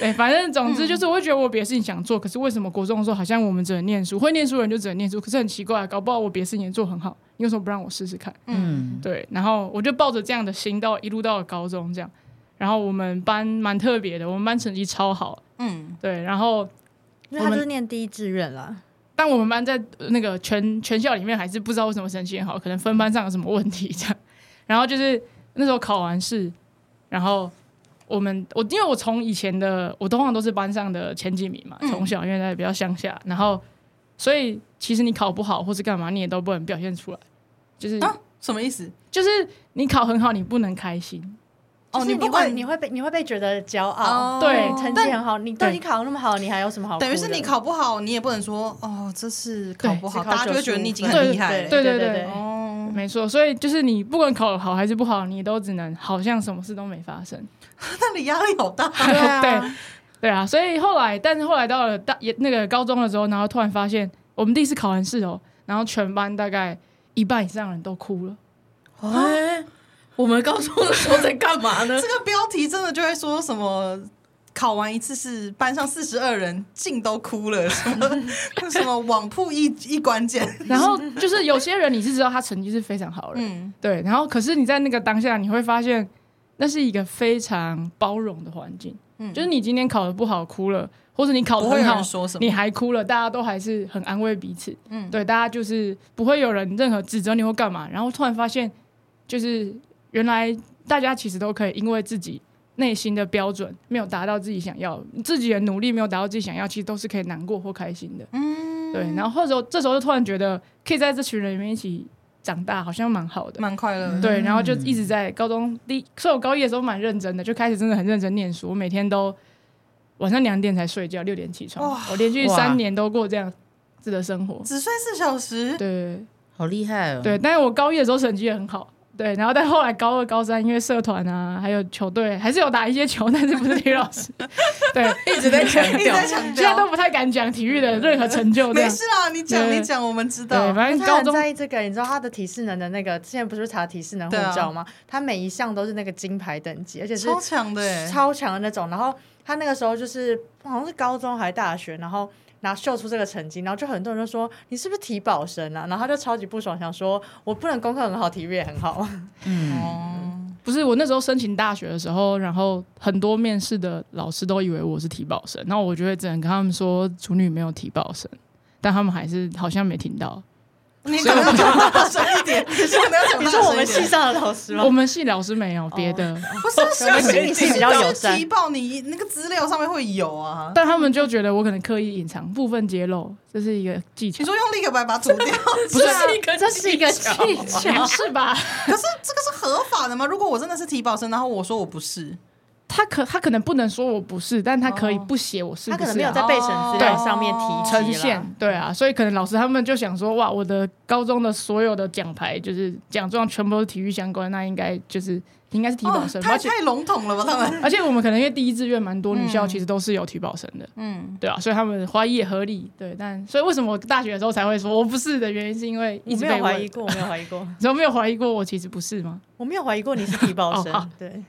[SPEAKER 4] 對，反正總之就是，我會覺得我別的事情想做、嗯，可是為什麼國中的時候好像我們只能念書？會念書的人就只能念書。可是很奇怪、啊，搞不好我別的事情也做很好，你為什麼不讓我試試看？嗯，對。然後我就抱着這樣的心到一路到了高中，這樣。然後我們班蠻特別的，我們班成績超好。嗯，對。然後，因為他就是念第一志願了。但我們班在那個全全校裡面還是不知道為什麼成績很好，可能分班上有什麼問題這樣。然後就是那時候考完試，然後我們我因為我從以前的我通常都是班上的前幾名嘛，從小因為比較鄉下、嗯，然後所以其實你考不好或是幹嘛你也都不能表現出來，就是啊，什麼意思？就是你考很好你不能開心。哦、就是你會，你不管你
[SPEAKER 1] 會被你會被覺得驕傲、哦，對，成績很好，你對你考那麼好，你還有什麼好？等於是你考不好，你也不能說哦，
[SPEAKER 3] 這是考不好，大家就會覺得你已經很厲害對。對對對對，對對對
[SPEAKER 4] 哦、對沒錯。所以就是你不管考好還是不好，你都只能好像什麼事都沒發生。 那你壓力好大， 對啊 對，對啊。所以後來，但是後來到了大也那個高中的時候，然後突然發現，我們第一次考完試哦，然後全班大概一半以上的人都哭了。哎、哦。啊我們高中的時候在幹嘛呢？ 這個標題真的就會說，什麼
[SPEAKER 3] 考完一次試班上四十二人竟都哭了，什麼什麼
[SPEAKER 4] 網鋪一一關鍵。 然後就是有些人你是知道他成績是非常好的，嗯，對。然後可是你在那個當下，你會發現那是一個非常包容的環境，嗯。就是你今天考得不好哭了，或者你考得很好，說什麼你還哭了，大家都還是很安慰彼此。嗯，對，大家就是不會有人任何指責你或幹嘛。然後突然發現就是。原來大家其實都可以，因為自己內心的標準沒有達到自己想要，自己的努力沒有達到自己想要，其實都是可以難過或開心的。嗯，對。然後或者這時候就突然覺得，可以在這群人裡面一起長大，好像蠻好的，蠻快樂。嗯。對。然後就一直在高中第，所以我高一的時候蠻認真的，就開始真的很認真念書。我每天都晚上兩點才睡覺，六點起床。哇，我連續三年都過這樣子的生活，只睡四小時。對，好厲害哦。對，但是我高一的時候成績也很好。對，然後到後來高二、高三因為社團啊，還有球隊還是有打一些球，但是不是體育老師？ 對， 一直在 一直在強調，現在都不太敢講體育的任何成就。 沒事啦，你講你講，你講，
[SPEAKER 1] 我們知道。對，反正高中他很在意這個，你知道他的體適能的那個，現在不是查體適能護照嗎？啊？他每一項都是那個金牌等級，而且是超強的、欸，超強的那種。然後他那個時候就是好像是高中還是大學，然後。然後秀出這個成績，然後就很多人就說，你是不是體保生啊？然後他就超級不爽，想說我不能功課很好，體育也很好。嗯，嗯
[SPEAKER 4] 不是我那時候申請大學的時候，然後很多面試的老師都以為我是體保生，然後我覺得只能跟他們說處女沒有體保生，但他們還是好像沒聽到。
[SPEAKER 3] 你可能要講大聲一點，你可能要講大聲一點。你說
[SPEAKER 4] 我們系上的老師嗎？我們系老師沒有別、oh, okay. 的，不 是我們系比較友善。提報你那個資料上面會有啊，但他們就覺得我可能刻意隱藏部分揭露，這是一個技巧。你說用立可白把它抹掉，
[SPEAKER 1] 不是，這是一個技巧，是吧？可
[SPEAKER 3] 是這個是合法的嗎？如果我真的是提報生，然後我說我不是。
[SPEAKER 4] 他可他可能不能說我不是，但他可以不寫我是，不是、啊哦。他可能沒有在備審資料上面體呈現，對啊，所以可能老師他們就想說，哇，我的高中的所有的獎牌就是獎狀全部都是體育相關，那應該就是應該是體保生。哦哦、太籠統了吧？他們，而且我們可能因為第一志願蠻多、嗯、女校，其實都是有體保生的，嗯，對啊，所以他們懷疑也合理，對。但所以為什麼我大學的時候才會說我不是的原因，是因為一直沒有懷疑過，我沒有懷疑過， 你都沒有懷疑過我其實不是嗎？我沒有懷
[SPEAKER 1] 疑過你是體保生，對
[SPEAKER 4] 哦、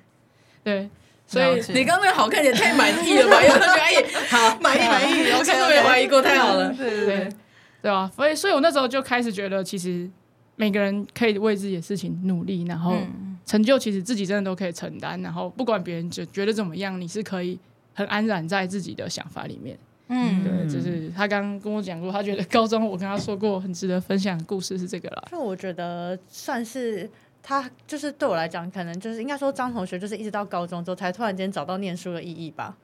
[SPEAKER 4] 對。對所以你剛剛那個好看也太滿意了吧？有， 那個阿好滿意滿意，我根本沒懷疑過，太好了。 對，對對對，對啊。所以，所以我那時候就開始覺得，其實每個人可以為自己的事情努力，然後成就，其實自己真的都可以承擔。然後不管別人覺得覺得怎麼樣，你是可以很安然在自己的想法裡面。嗯，對。就是他剛跟我講過，他覺得高中我跟他說過很值得分享的故事是這個啦。所以我覺得算是。
[SPEAKER 1] 他就是對我來講，可能就是應該說張同學就是一直到高中之後才突然間找到念書的意義吧。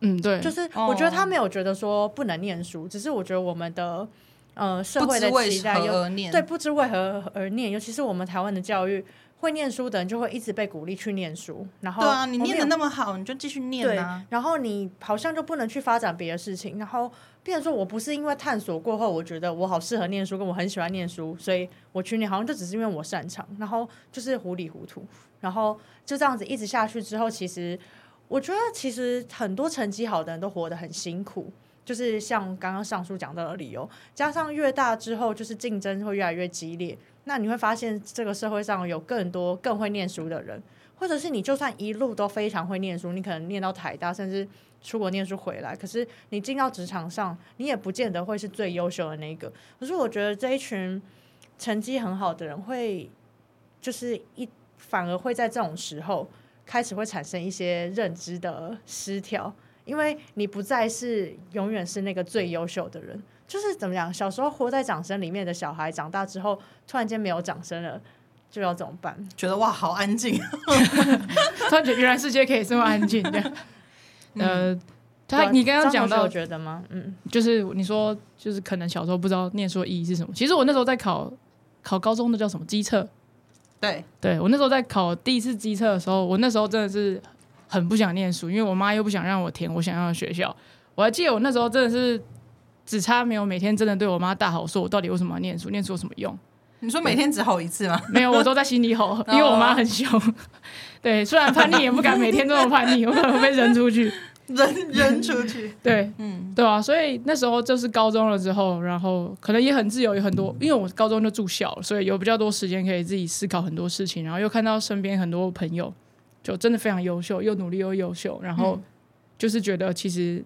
[SPEAKER 1] 嗯，
[SPEAKER 4] 對，就是我覺得他
[SPEAKER 1] 沒有覺得說不能念書，哦、只是我覺得我們的呃社會的期待有對不知為何而念，尤其是我們台灣的教育，會念書的人就會一直被鼓勵去念書，然後對啊，你念的那麼
[SPEAKER 3] 好，你就繼續念啊，哦，
[SPEAKER 1] 然後你好像就不能去發展別的事情，然後。變成說，我不是因為探索過後，我覺得我好適合念書，跟我很喜歡念書，所以我去念，好像就只是因為我擅長，然後就是糊裡糊塗，然後就這樣子一直下去之後，其實我覺得，其實很多成績好的人都活得很辛苦，就是像剛剛上述講到的理由，加上越大之後，就是競爭會越來越激烈，那你會發現這個社會上有更多更會念書的人。或者是你就算一路都非常會念書，你可能念到台大，甚至出國念書回來，可是你進到職場上，你也不見得會是最優秀的那一個。可是我覺得這一群成績很好的人，會就是一反而會在這種時候開始會產生一些認知的失調，因為你不再是永遠是那個最優秀的人。嗯、就是怎麼講，小時候活在掌聲裡面的小孩，長大之後突然間沒有掌聲了。就要怎
[SPEAKER 4] 麼辦？覺得哇，好安靜！ 突然覺得原來世界可以這麼安靜。這 樣、嗯，呃，他、嗯、你剛剛講到，覺得
[SPEAKER 1] 嗎？
[SPEAKER 4] 嗯，就是你說，就是可能小時候不知道念書的意義是什麼。其實我那時候在考考高中的叫什麼基測？對對，我那時候在考第一次基測的時候，我那時候真的是很不想念書，因為我媽又不想讓我填我想要的學校。我還記得我那時候真的是只差沒有每天真的對我媽大吼，說我到底為什麼要念書？念書有什麼用？你說每天只吼一次嗎？沒有，我都在心裡吼，因為我媽很兇。Oh. 對，雖然叛逆也不敢每天這麼叛逆， 我可能被扔出去，扔 扔出
[SPEAKER 2] 去。
[SPEAKER 4] 對，嗯，對啊。所以那時候就是高中了之後，然後可能也很自由，有很多，因為我高中就住校，所以有比較多時間可以自己思考很多事情。然後又看到身邊很多朋友，就真的非常優秀，又努力又優秀。然後就是覺得其實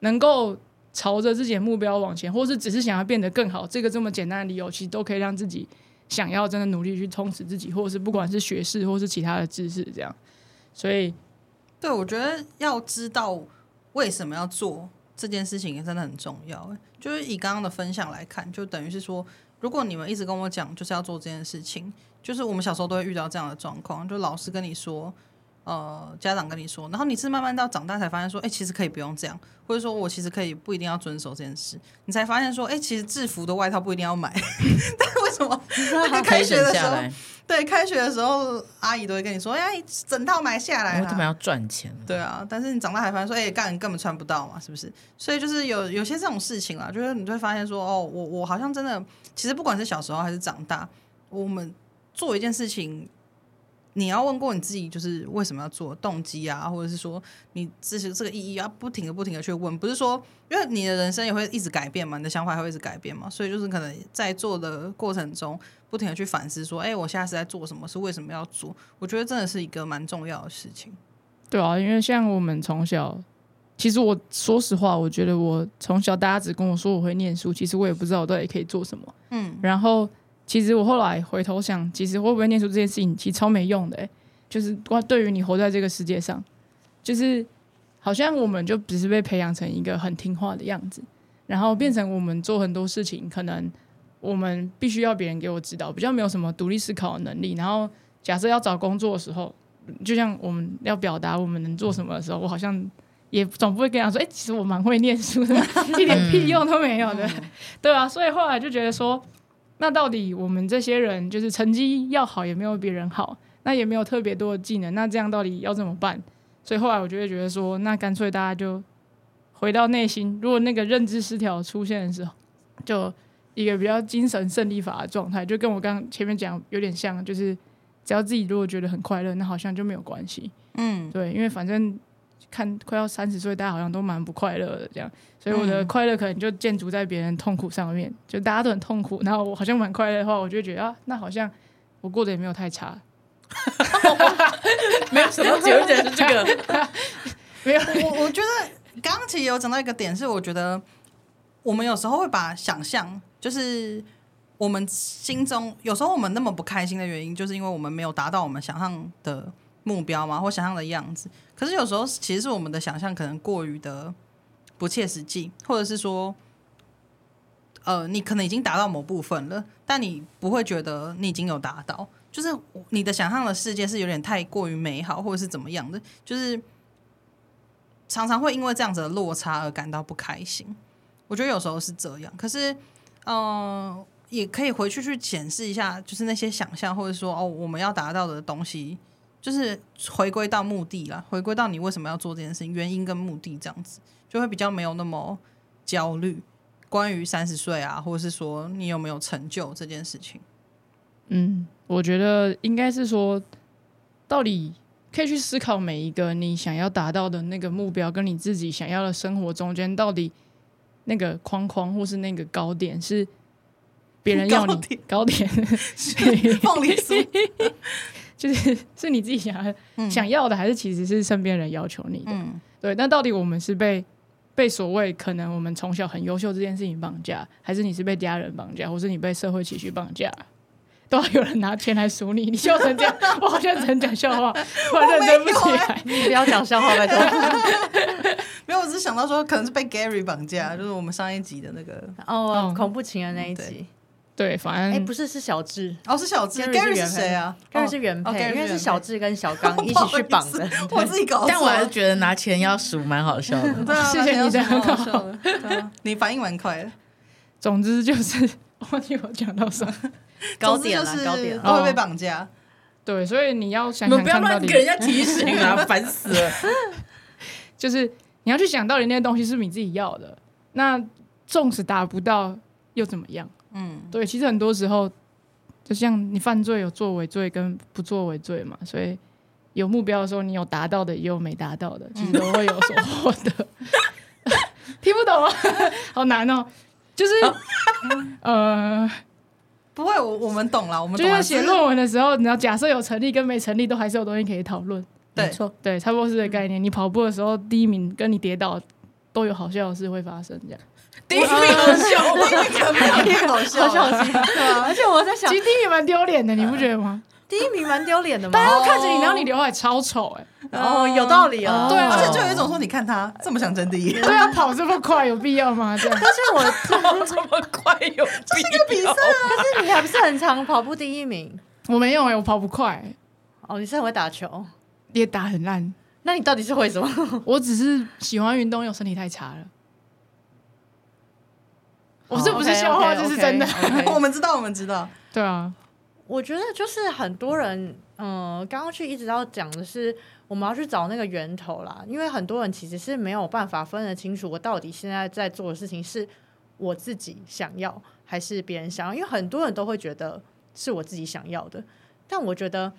[SPEAKER 4] 能夠。朝着自己的目標往前，或是只是想要變得更好，這個這麼簡單的理由，其實都可以讓自己想要真的努力去充實自己，或是不管是學識，或是其他的知識，這樣。所以，對，我覺得要
[SPEAKER 3] 知道為什麼要做這件事情也真的很重要。就是以剛剛的分享來看，就等於是說，如果你們一直跟我講，就是要做這件事情，就是我們小時候都會遇到這樣的狀況，就老師跟你說。呃，家長跟你說，然後你是慢慢到長大才發現說，哎、欸，其實可以不用這樣，或者說，我其實可以不一定要遵守這件事，你才發現說，哎、欸，其實制服的外套不一定要買，
[SPEAKER 2] 但為什麼？開學的時候，
[SPEAKER 3] 對，開學的時候，阿姨都會跟你說，哎、欸，整套買下來了、啊，我他媽
[SPEAKER 2] 要賺錢。
[SPEAKER 3] 對啊，但是你長大還發現說，哎、欸，幹根本穿不到嘛，是不是？所以就是有有些這種事情啊，就是你就會發現說，哦，我我好像真的，其實不管是小時候還是長大，我們做一件事情。你要問過你自己，就是為什麼要做動機啊，或者是說你這些這個意義，要不停的、不停的去問，不是說因為你的人生也會一直改變嘛，你的想法也會一直改變嘛，所以就是可能在做的過程中，不停的去反思，說，哎、欸，我現在是在做什麼，是為什麼要做？我覺得真的是一個蠻重要的事情。
[SPEAKER 4] 對啊，因為像我們從小，其實我說實話，我覺得我從小大家只跟我說我會唸書，其實我也不知道我到底可以做什麼。嗯，然後。其實我後來回頭想，其實我會不會念書這件事情其實超沒用的、欸，就是光對於你活在這個世界上，就是好像我們就只是被培養成一個很聽話的樣子，然後變成我們做很多事情，可能我們必須要別人給我指導，比較沒有什麼獨立思考的能力。然後假設要找工作的時候，就像我們要表達我們能做什麼的時候，我好像也總不會跟他說：“誒、欸，其實我蠻會念書的，一 點屁用都沒有的。 嗯”對啊，所以後來就覺得說。那到底我們這些人就是成績要好也沒有別人好，那也沒有特別多的技能，那這樣到底要怎麼辦？所以後來我就會覺得說，那乾脆大家就回到內心，如果那個認知失調出現的時候，就一個比較精神勝利法的狀態，就跟我剛前面講有點像，就是只要自己如果覺得很快樂，那好像就沒有關係。嗯，對，因為反正。看，快要三十歲，大家好像都蠻不快樂的，這樣。所以我的快樂可能就建築在別人痛苦上面，就大家都很痛苦，然後我好像蠻快樂的話，我就覺得啊，那好像我過得也沒有太差。
[SPEAKER 2] 沒有什麼，解不解就是這個、 啊啊啊。沒有
[SPEAKER 3] 我，我我覺得剛剛其實有講到一個點，是我覺得我們有時候會把想象，就是我們心中有時候我們那麼不開心的原因，就是因為我們沒有達到我們想象的。目標嘛，或想象的樣子，可是有時候其實是我們的想象可能過於的不切實際，或者是說，呃，你可能已經達到某部分了，但你不會覺得你已經有達到，就是你的想象的世界是有點太過於美好，或者是怎麼樣的，就是常常會因為這樣子的落差而感到不開心。我覺得有時候是這樣，可是，嗯、呃，也可以回去去檢視一下，就是那些想象或者說哦，我們要達到的東西。就是回歸到目的啦，回歸到你為什麼要做這件事，原因跟目的這樣子，就會比較沒有那麼焦慮。關於三十歲啊，
[SPEAKER 4] 或者是說你有沒有成就這件事情，嗯，我覺得應該是說，到底可以去思考每一個你想要達到的那個目標，跟你自己想要的生活中間到底那個框框或是那個高點是別人要你高點，鳳 梨酥 就是是你自己想要的、嗯、想要的，還是其實是身邊人要求你的？嗯、對，那到底我們是被被所謂可能我們從小很優秀這件事情綁架，還是你是被家人綁架，或是你被社會情緒綁架？都有人拿錢來贖你，你笑成這樣， 我好像只能講笑話， 我認真不起來、欸、 你不要講笑話拜，拜
[SPEAKER 3] 託。沒有，我只是想到說，可能是被 Gary 綁架，就是我們上一集的那個哦，oh, oh, 恐怖
[SPEAKER 1] 情人那一集。嗯對，反正哎、欸，不是是小智哦，是小智。Gary 是誰啊？Gary 是原配，oh, okay, 因為是小智跟小剛一起去綁的，我自己搞。但我還是覺得拿錢要數
[SPEAKER 2] 蠻好、, 啊、好笑的。
[SPEAKER 3] 對啊，謝謝你的搞笑。對，你反應蠻快的。總之
[SPEAKER 2] 就是，我忘記我講到什麼
[SPEAKER 3] 高點了、啊，高點、啊、會被綁
[SPEAKER 4] 架。Oh, 對，所以你要想,想到你，你不要亂給人家提醒啊，煩 死了。 就是你要去想到底那些東西是,不是你自己要的，那縱使達不到又怎麼樣？嗯，對，其實很多時候，就像你犯罪有作為罪跟不作為罪嘛，所以有目標的時候，你有達到的，也有沒達到的，其實都會有所獲得。嗯、 聽不懂嗎？ 好難哦、喔。就是、哦嗯、呃，不會，我們我們懂了，我們就是寫論文的時候，你要假設有成立跟沒成立，都還是有東西可以討論。沒錯，對，差不多是這個概念，嗯。你跑步的時候第一名跟你跌倒，都有好笑的事會發生，這樣。
[SPEAKER 2] 我啊、第一
[SPEAKER 4] 名肯定有點好笑，而且我在想，其實第一名蠻丟臉的，你不覺得嗎？第一名蠻丟臉的嗎？大家都看着你，然、哦、後你劉海超醜，哦，有道理哦,哦。對，而且就有一種說，
[SPEAKER 3] 你看
[SPEAKER 1] 他這麼想爭第一，對啊，跑這麼快有必要嗎？對但是我、這
[SPEAKER 2] 個、跑這麼快
[SPEAKER 1] 有，這是一個比賽啊，但是你還不是很常，跑步，第一名我沒有、欸、我跑不快、
[SPEAKER 4] 欸。哦，你是很會打球，也打很爛，那你到底是會什麼？ 我只是喜歡運動，因為我身體太差了。我這不是笑話，這是真的。我們
[SPEAKER 1] 知道，我們知道。對啊，我覺得就是很多人，嗯，剛剛去一直要講的是，我們要去找那個源頭啦。因為很多人其實是沒有辦法分得清楚，我到底現在在做的事情是我自己想要，還是別人想要？因為很多人都會覺得是我自己想要的，但我覺得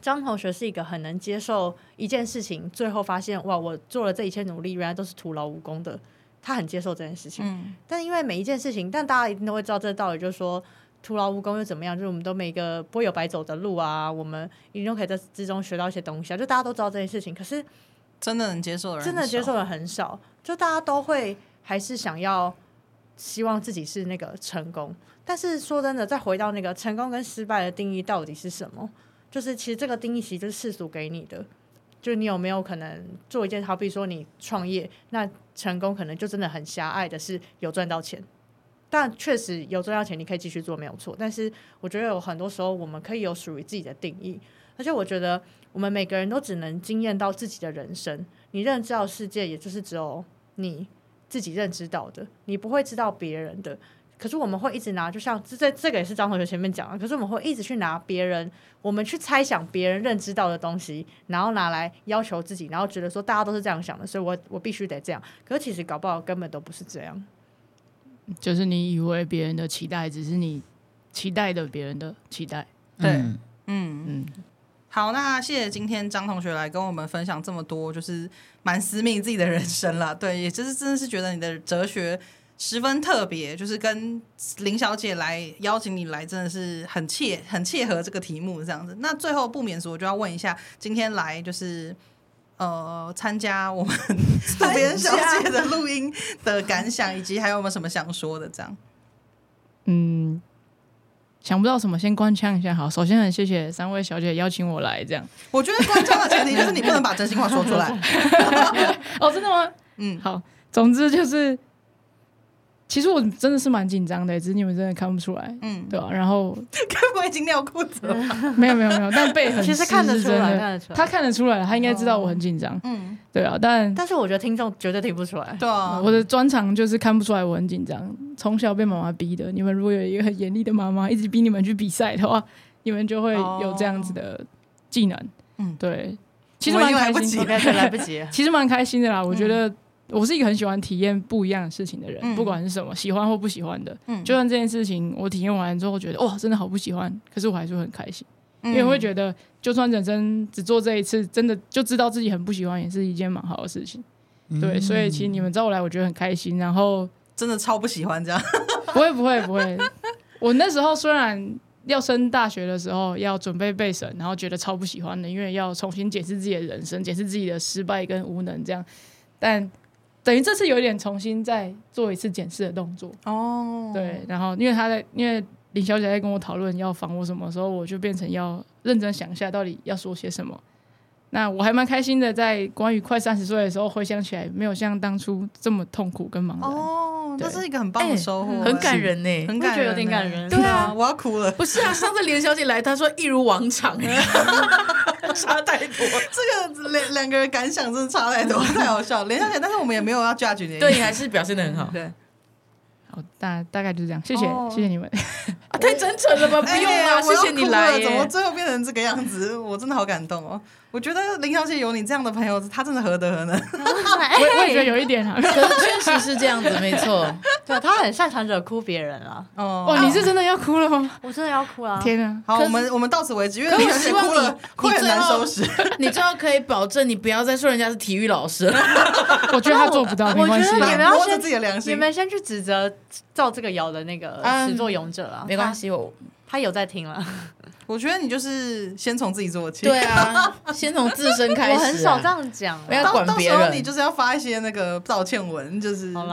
[SPEAKER 1] 張同學是一個很能接受一件事情，最後發現，哇，我做了這一切努力，原來都是徒勞無功的。他很接受這件事情。嗯，但因為每一件事情，但大家一定都會知道這個道理，就是說徒勞無功又怎麼樣？就是我們都每個不會有白走的路啊，我們一定都可以在之中學到一些東西啊。就大家都知道這件事情，可是真的能接受的人很，真的接受的很少。就大家都會還是想要希望自己是那個成功，但是說真的，再回到那個成功跟失敗的定義到底是什麼？就是其實這個定義其實就是世俗給你的。就你有沒有可能做一件，好比說你創業，那成功可能就真的很狹隘的，是有賺到錢，但確實有賺到錢，你可以繼續做沒有錯。但是我覺得有很多時候，我們可以有屬於自己的定義，而且我覺得我們每個人都只能經驗到自己的人生，你認知到世界也就是只有你自己認知到的，你不會知道別人的。可是我們會一直拿，就像這這個也是張同學前面講的。可是我們會一直去拿別人，我們去猜想別人認知到的東西，然後拿來要求自己，然後覺得說大家都是這樣想的，所以我我必須得這樣。可是其實搞不好根本都不是這樣。
[SPEAKER 4] 就是你以為別人的期待，只是你期待的別人的期待。
[SPEAKER 1] 嗯、
[SPEAKER 3] 對，嗯嗯。好，那謝謝今天張同學來跟我們分享這麼多，就是蠻私密自己的人生了。對，也就是真的是覺得你的哲學。十分特別，就是跟林小姐來邀請你來，真的是很切很切合這個題目這樣子。那最後不免俗，我就要問一下，今天來就是呃參加我們渡邊、啊、小姐的錄音的感想，以及還有沒有什麼想說的？這樣，
[SPEAKER 4] 嗯，想不到什麼，先官腔一下好。首先很謝謝三位小姐邀請我來，這樣。
[SPEAKER 2] 我覺得官腔的前提就是你不能把真
[SPEAKER 3] 心話說出來。
[SPEAKER 4] 哦，真的嗎？嗯，好。總之就是。其實我真的是蠻緊張的、欸，只是你們真的看不出來，嗯，對吧、啊？然後，看 我已經尿褲子了， 沒有沒有沒有，但背很其實看得出來是真的，看得出來，他看得出來，他應該知道我很緊張，嗯，對啊，但但是我覺得聽眾絕對聽不出來，對啊，嗯、我的專長就是看不出來我很緊張，從、啊、小被媽媽逼的，你們如果有一個很嚴厲的媽媽，一直逼你們去比賽的話，你們就會有這樣子的技能，嗯、哦，對，其實蠻來不及，來不及 其實蠻開心的啦，我覺得、嗯。我是一個很喜歡體驗不一樣的事情的人、嗯，不管是什麼，喜歡或不喜歡的，嗯、就算這件事情我體驗完之後覺得哇，真的好不喜歡，可是我還是會很開心、嗯，因為會覺得，就算人生只做這一次，真的就知道自己很不喜歡，也是一件蠻好的事情。嗯、對，所以其實你們知道，我來，我覺得很開心，然後真的超不喜歡這樣， 不會不會不會。我那時候雖然要升大學的時候要準備備審，然後覺得超不喜歡的，因為要重新解釋自己的人生，解釋自己的失敗跟無能這樣，但。等於這次有點重新再做一次檢視的動作哦，Oh. 對，然後因為他在，因為林小姐在跟我討論要訪我什麼時候，我就變成要認真想一下到底要說些什麼。那我還蠻開心的，在關於快三十歲的時候回想起來，沒有像當初這麼痛苦跟茫然。哦，這是一個很棒的收穫。欸，很感人
[SPEAKER 2] 哎，欸，很感，欸、覺有點感人，感人，欸。對啊，我要哭了。不是啊，上次連小姐來，她說一如往常，欸， 差太多。 這個兩兩個人感想真的差太多， 太好
[SPEAKER 3] 笑了。連小姐，但是我們也沒有要 judge 你，對，還是
[SPEAKER 2] 表現的很好。 對。
[SPEAKER 3] 好，大大概就是這樣，謝謝、oh. 謝謝你們 啊，太真誠了吧！不用了、哎，謝謝你來、哎，我要哭了，怎麼最後變成這個樣子？ 我真的好感動哦！我覺得林小姐有你這樣的朋友，她真的何德何能？
[SPEAKER 1] 我我也覺得有一點哈， 可是確實是這樣子， 沒錯。 對，他很擅長惹哭別人了哦。哦，你是真
[SPEAKER 4] 的要哭了嗎？啊、我真的要哭啊！天啊！好，我們我
[SPEAKER 1] 們到此為止，因為你是
[SPEAKER 4] 哭了，哭也難收
[SPEAKER 2] 拾。你就要 可以保證，你不要再說人家是體育老師了，
[SPEAKER 1] 我覺得他做不到， 沒關係係。你 們要摸著自己的良心，你們先去指責造這個謠的那個始作俑者了。嗯、沒關係，我他，他有在聽了。 我覺得你就是先從自己做起，對啊， 先從自身開始、啊。我很少這樣
[SPEAKER 3] 講，到時候。
[SPEAKER 1] 你就
[SPEAKER 3] 是要發一些那個道歉文，就是道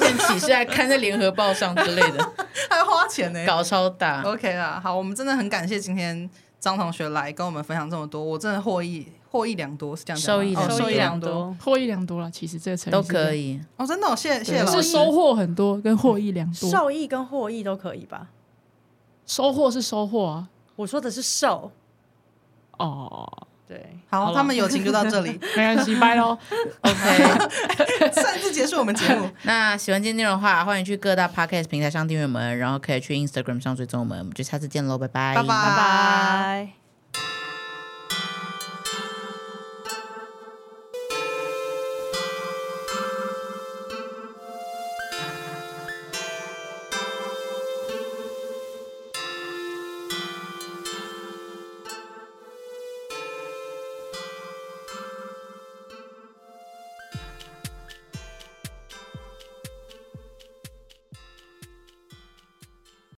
[SPEAKER 3] 歉啟事，還
[SPEAKER 2] 刊在聯合報上之類的，
[SPEAKER 4] 還要花錢呢、欸，搞
[SPEAKER 3] 超大。OK 啦。好，我們真的很感謝今天張同學來跟我們分享這麼多，我真的獲益獲益良多，是這樣，收益收益良多，
[SPEAKER 4] 獲益良多了。其實這個詞都可以。哦，真的、哦謝謝，謝謝老師。就是收穫很多跟獲益良多，受益跟
[SPEAKER 1] 獲益都可以吧？
[SPEAKER 4] 收穫是收穫啊。
[SPEAKER 1] 我說的是瘦。哦，對，
[SPEAKER 4] 好，好，他們友情就到這裡， 沒人關係係，拜 嘍
[SPEAKER 1] 掰咯 ，OK，
[SPEAKER 2] 算 是結束我們節目， 那喜歡今天內容的話，歡迎去各大 Podcast 平台上訂閱我們，然後可以去 Instagram 上追蹤我們，我們就下次見嘍，拜拜，拜拜。Bye bye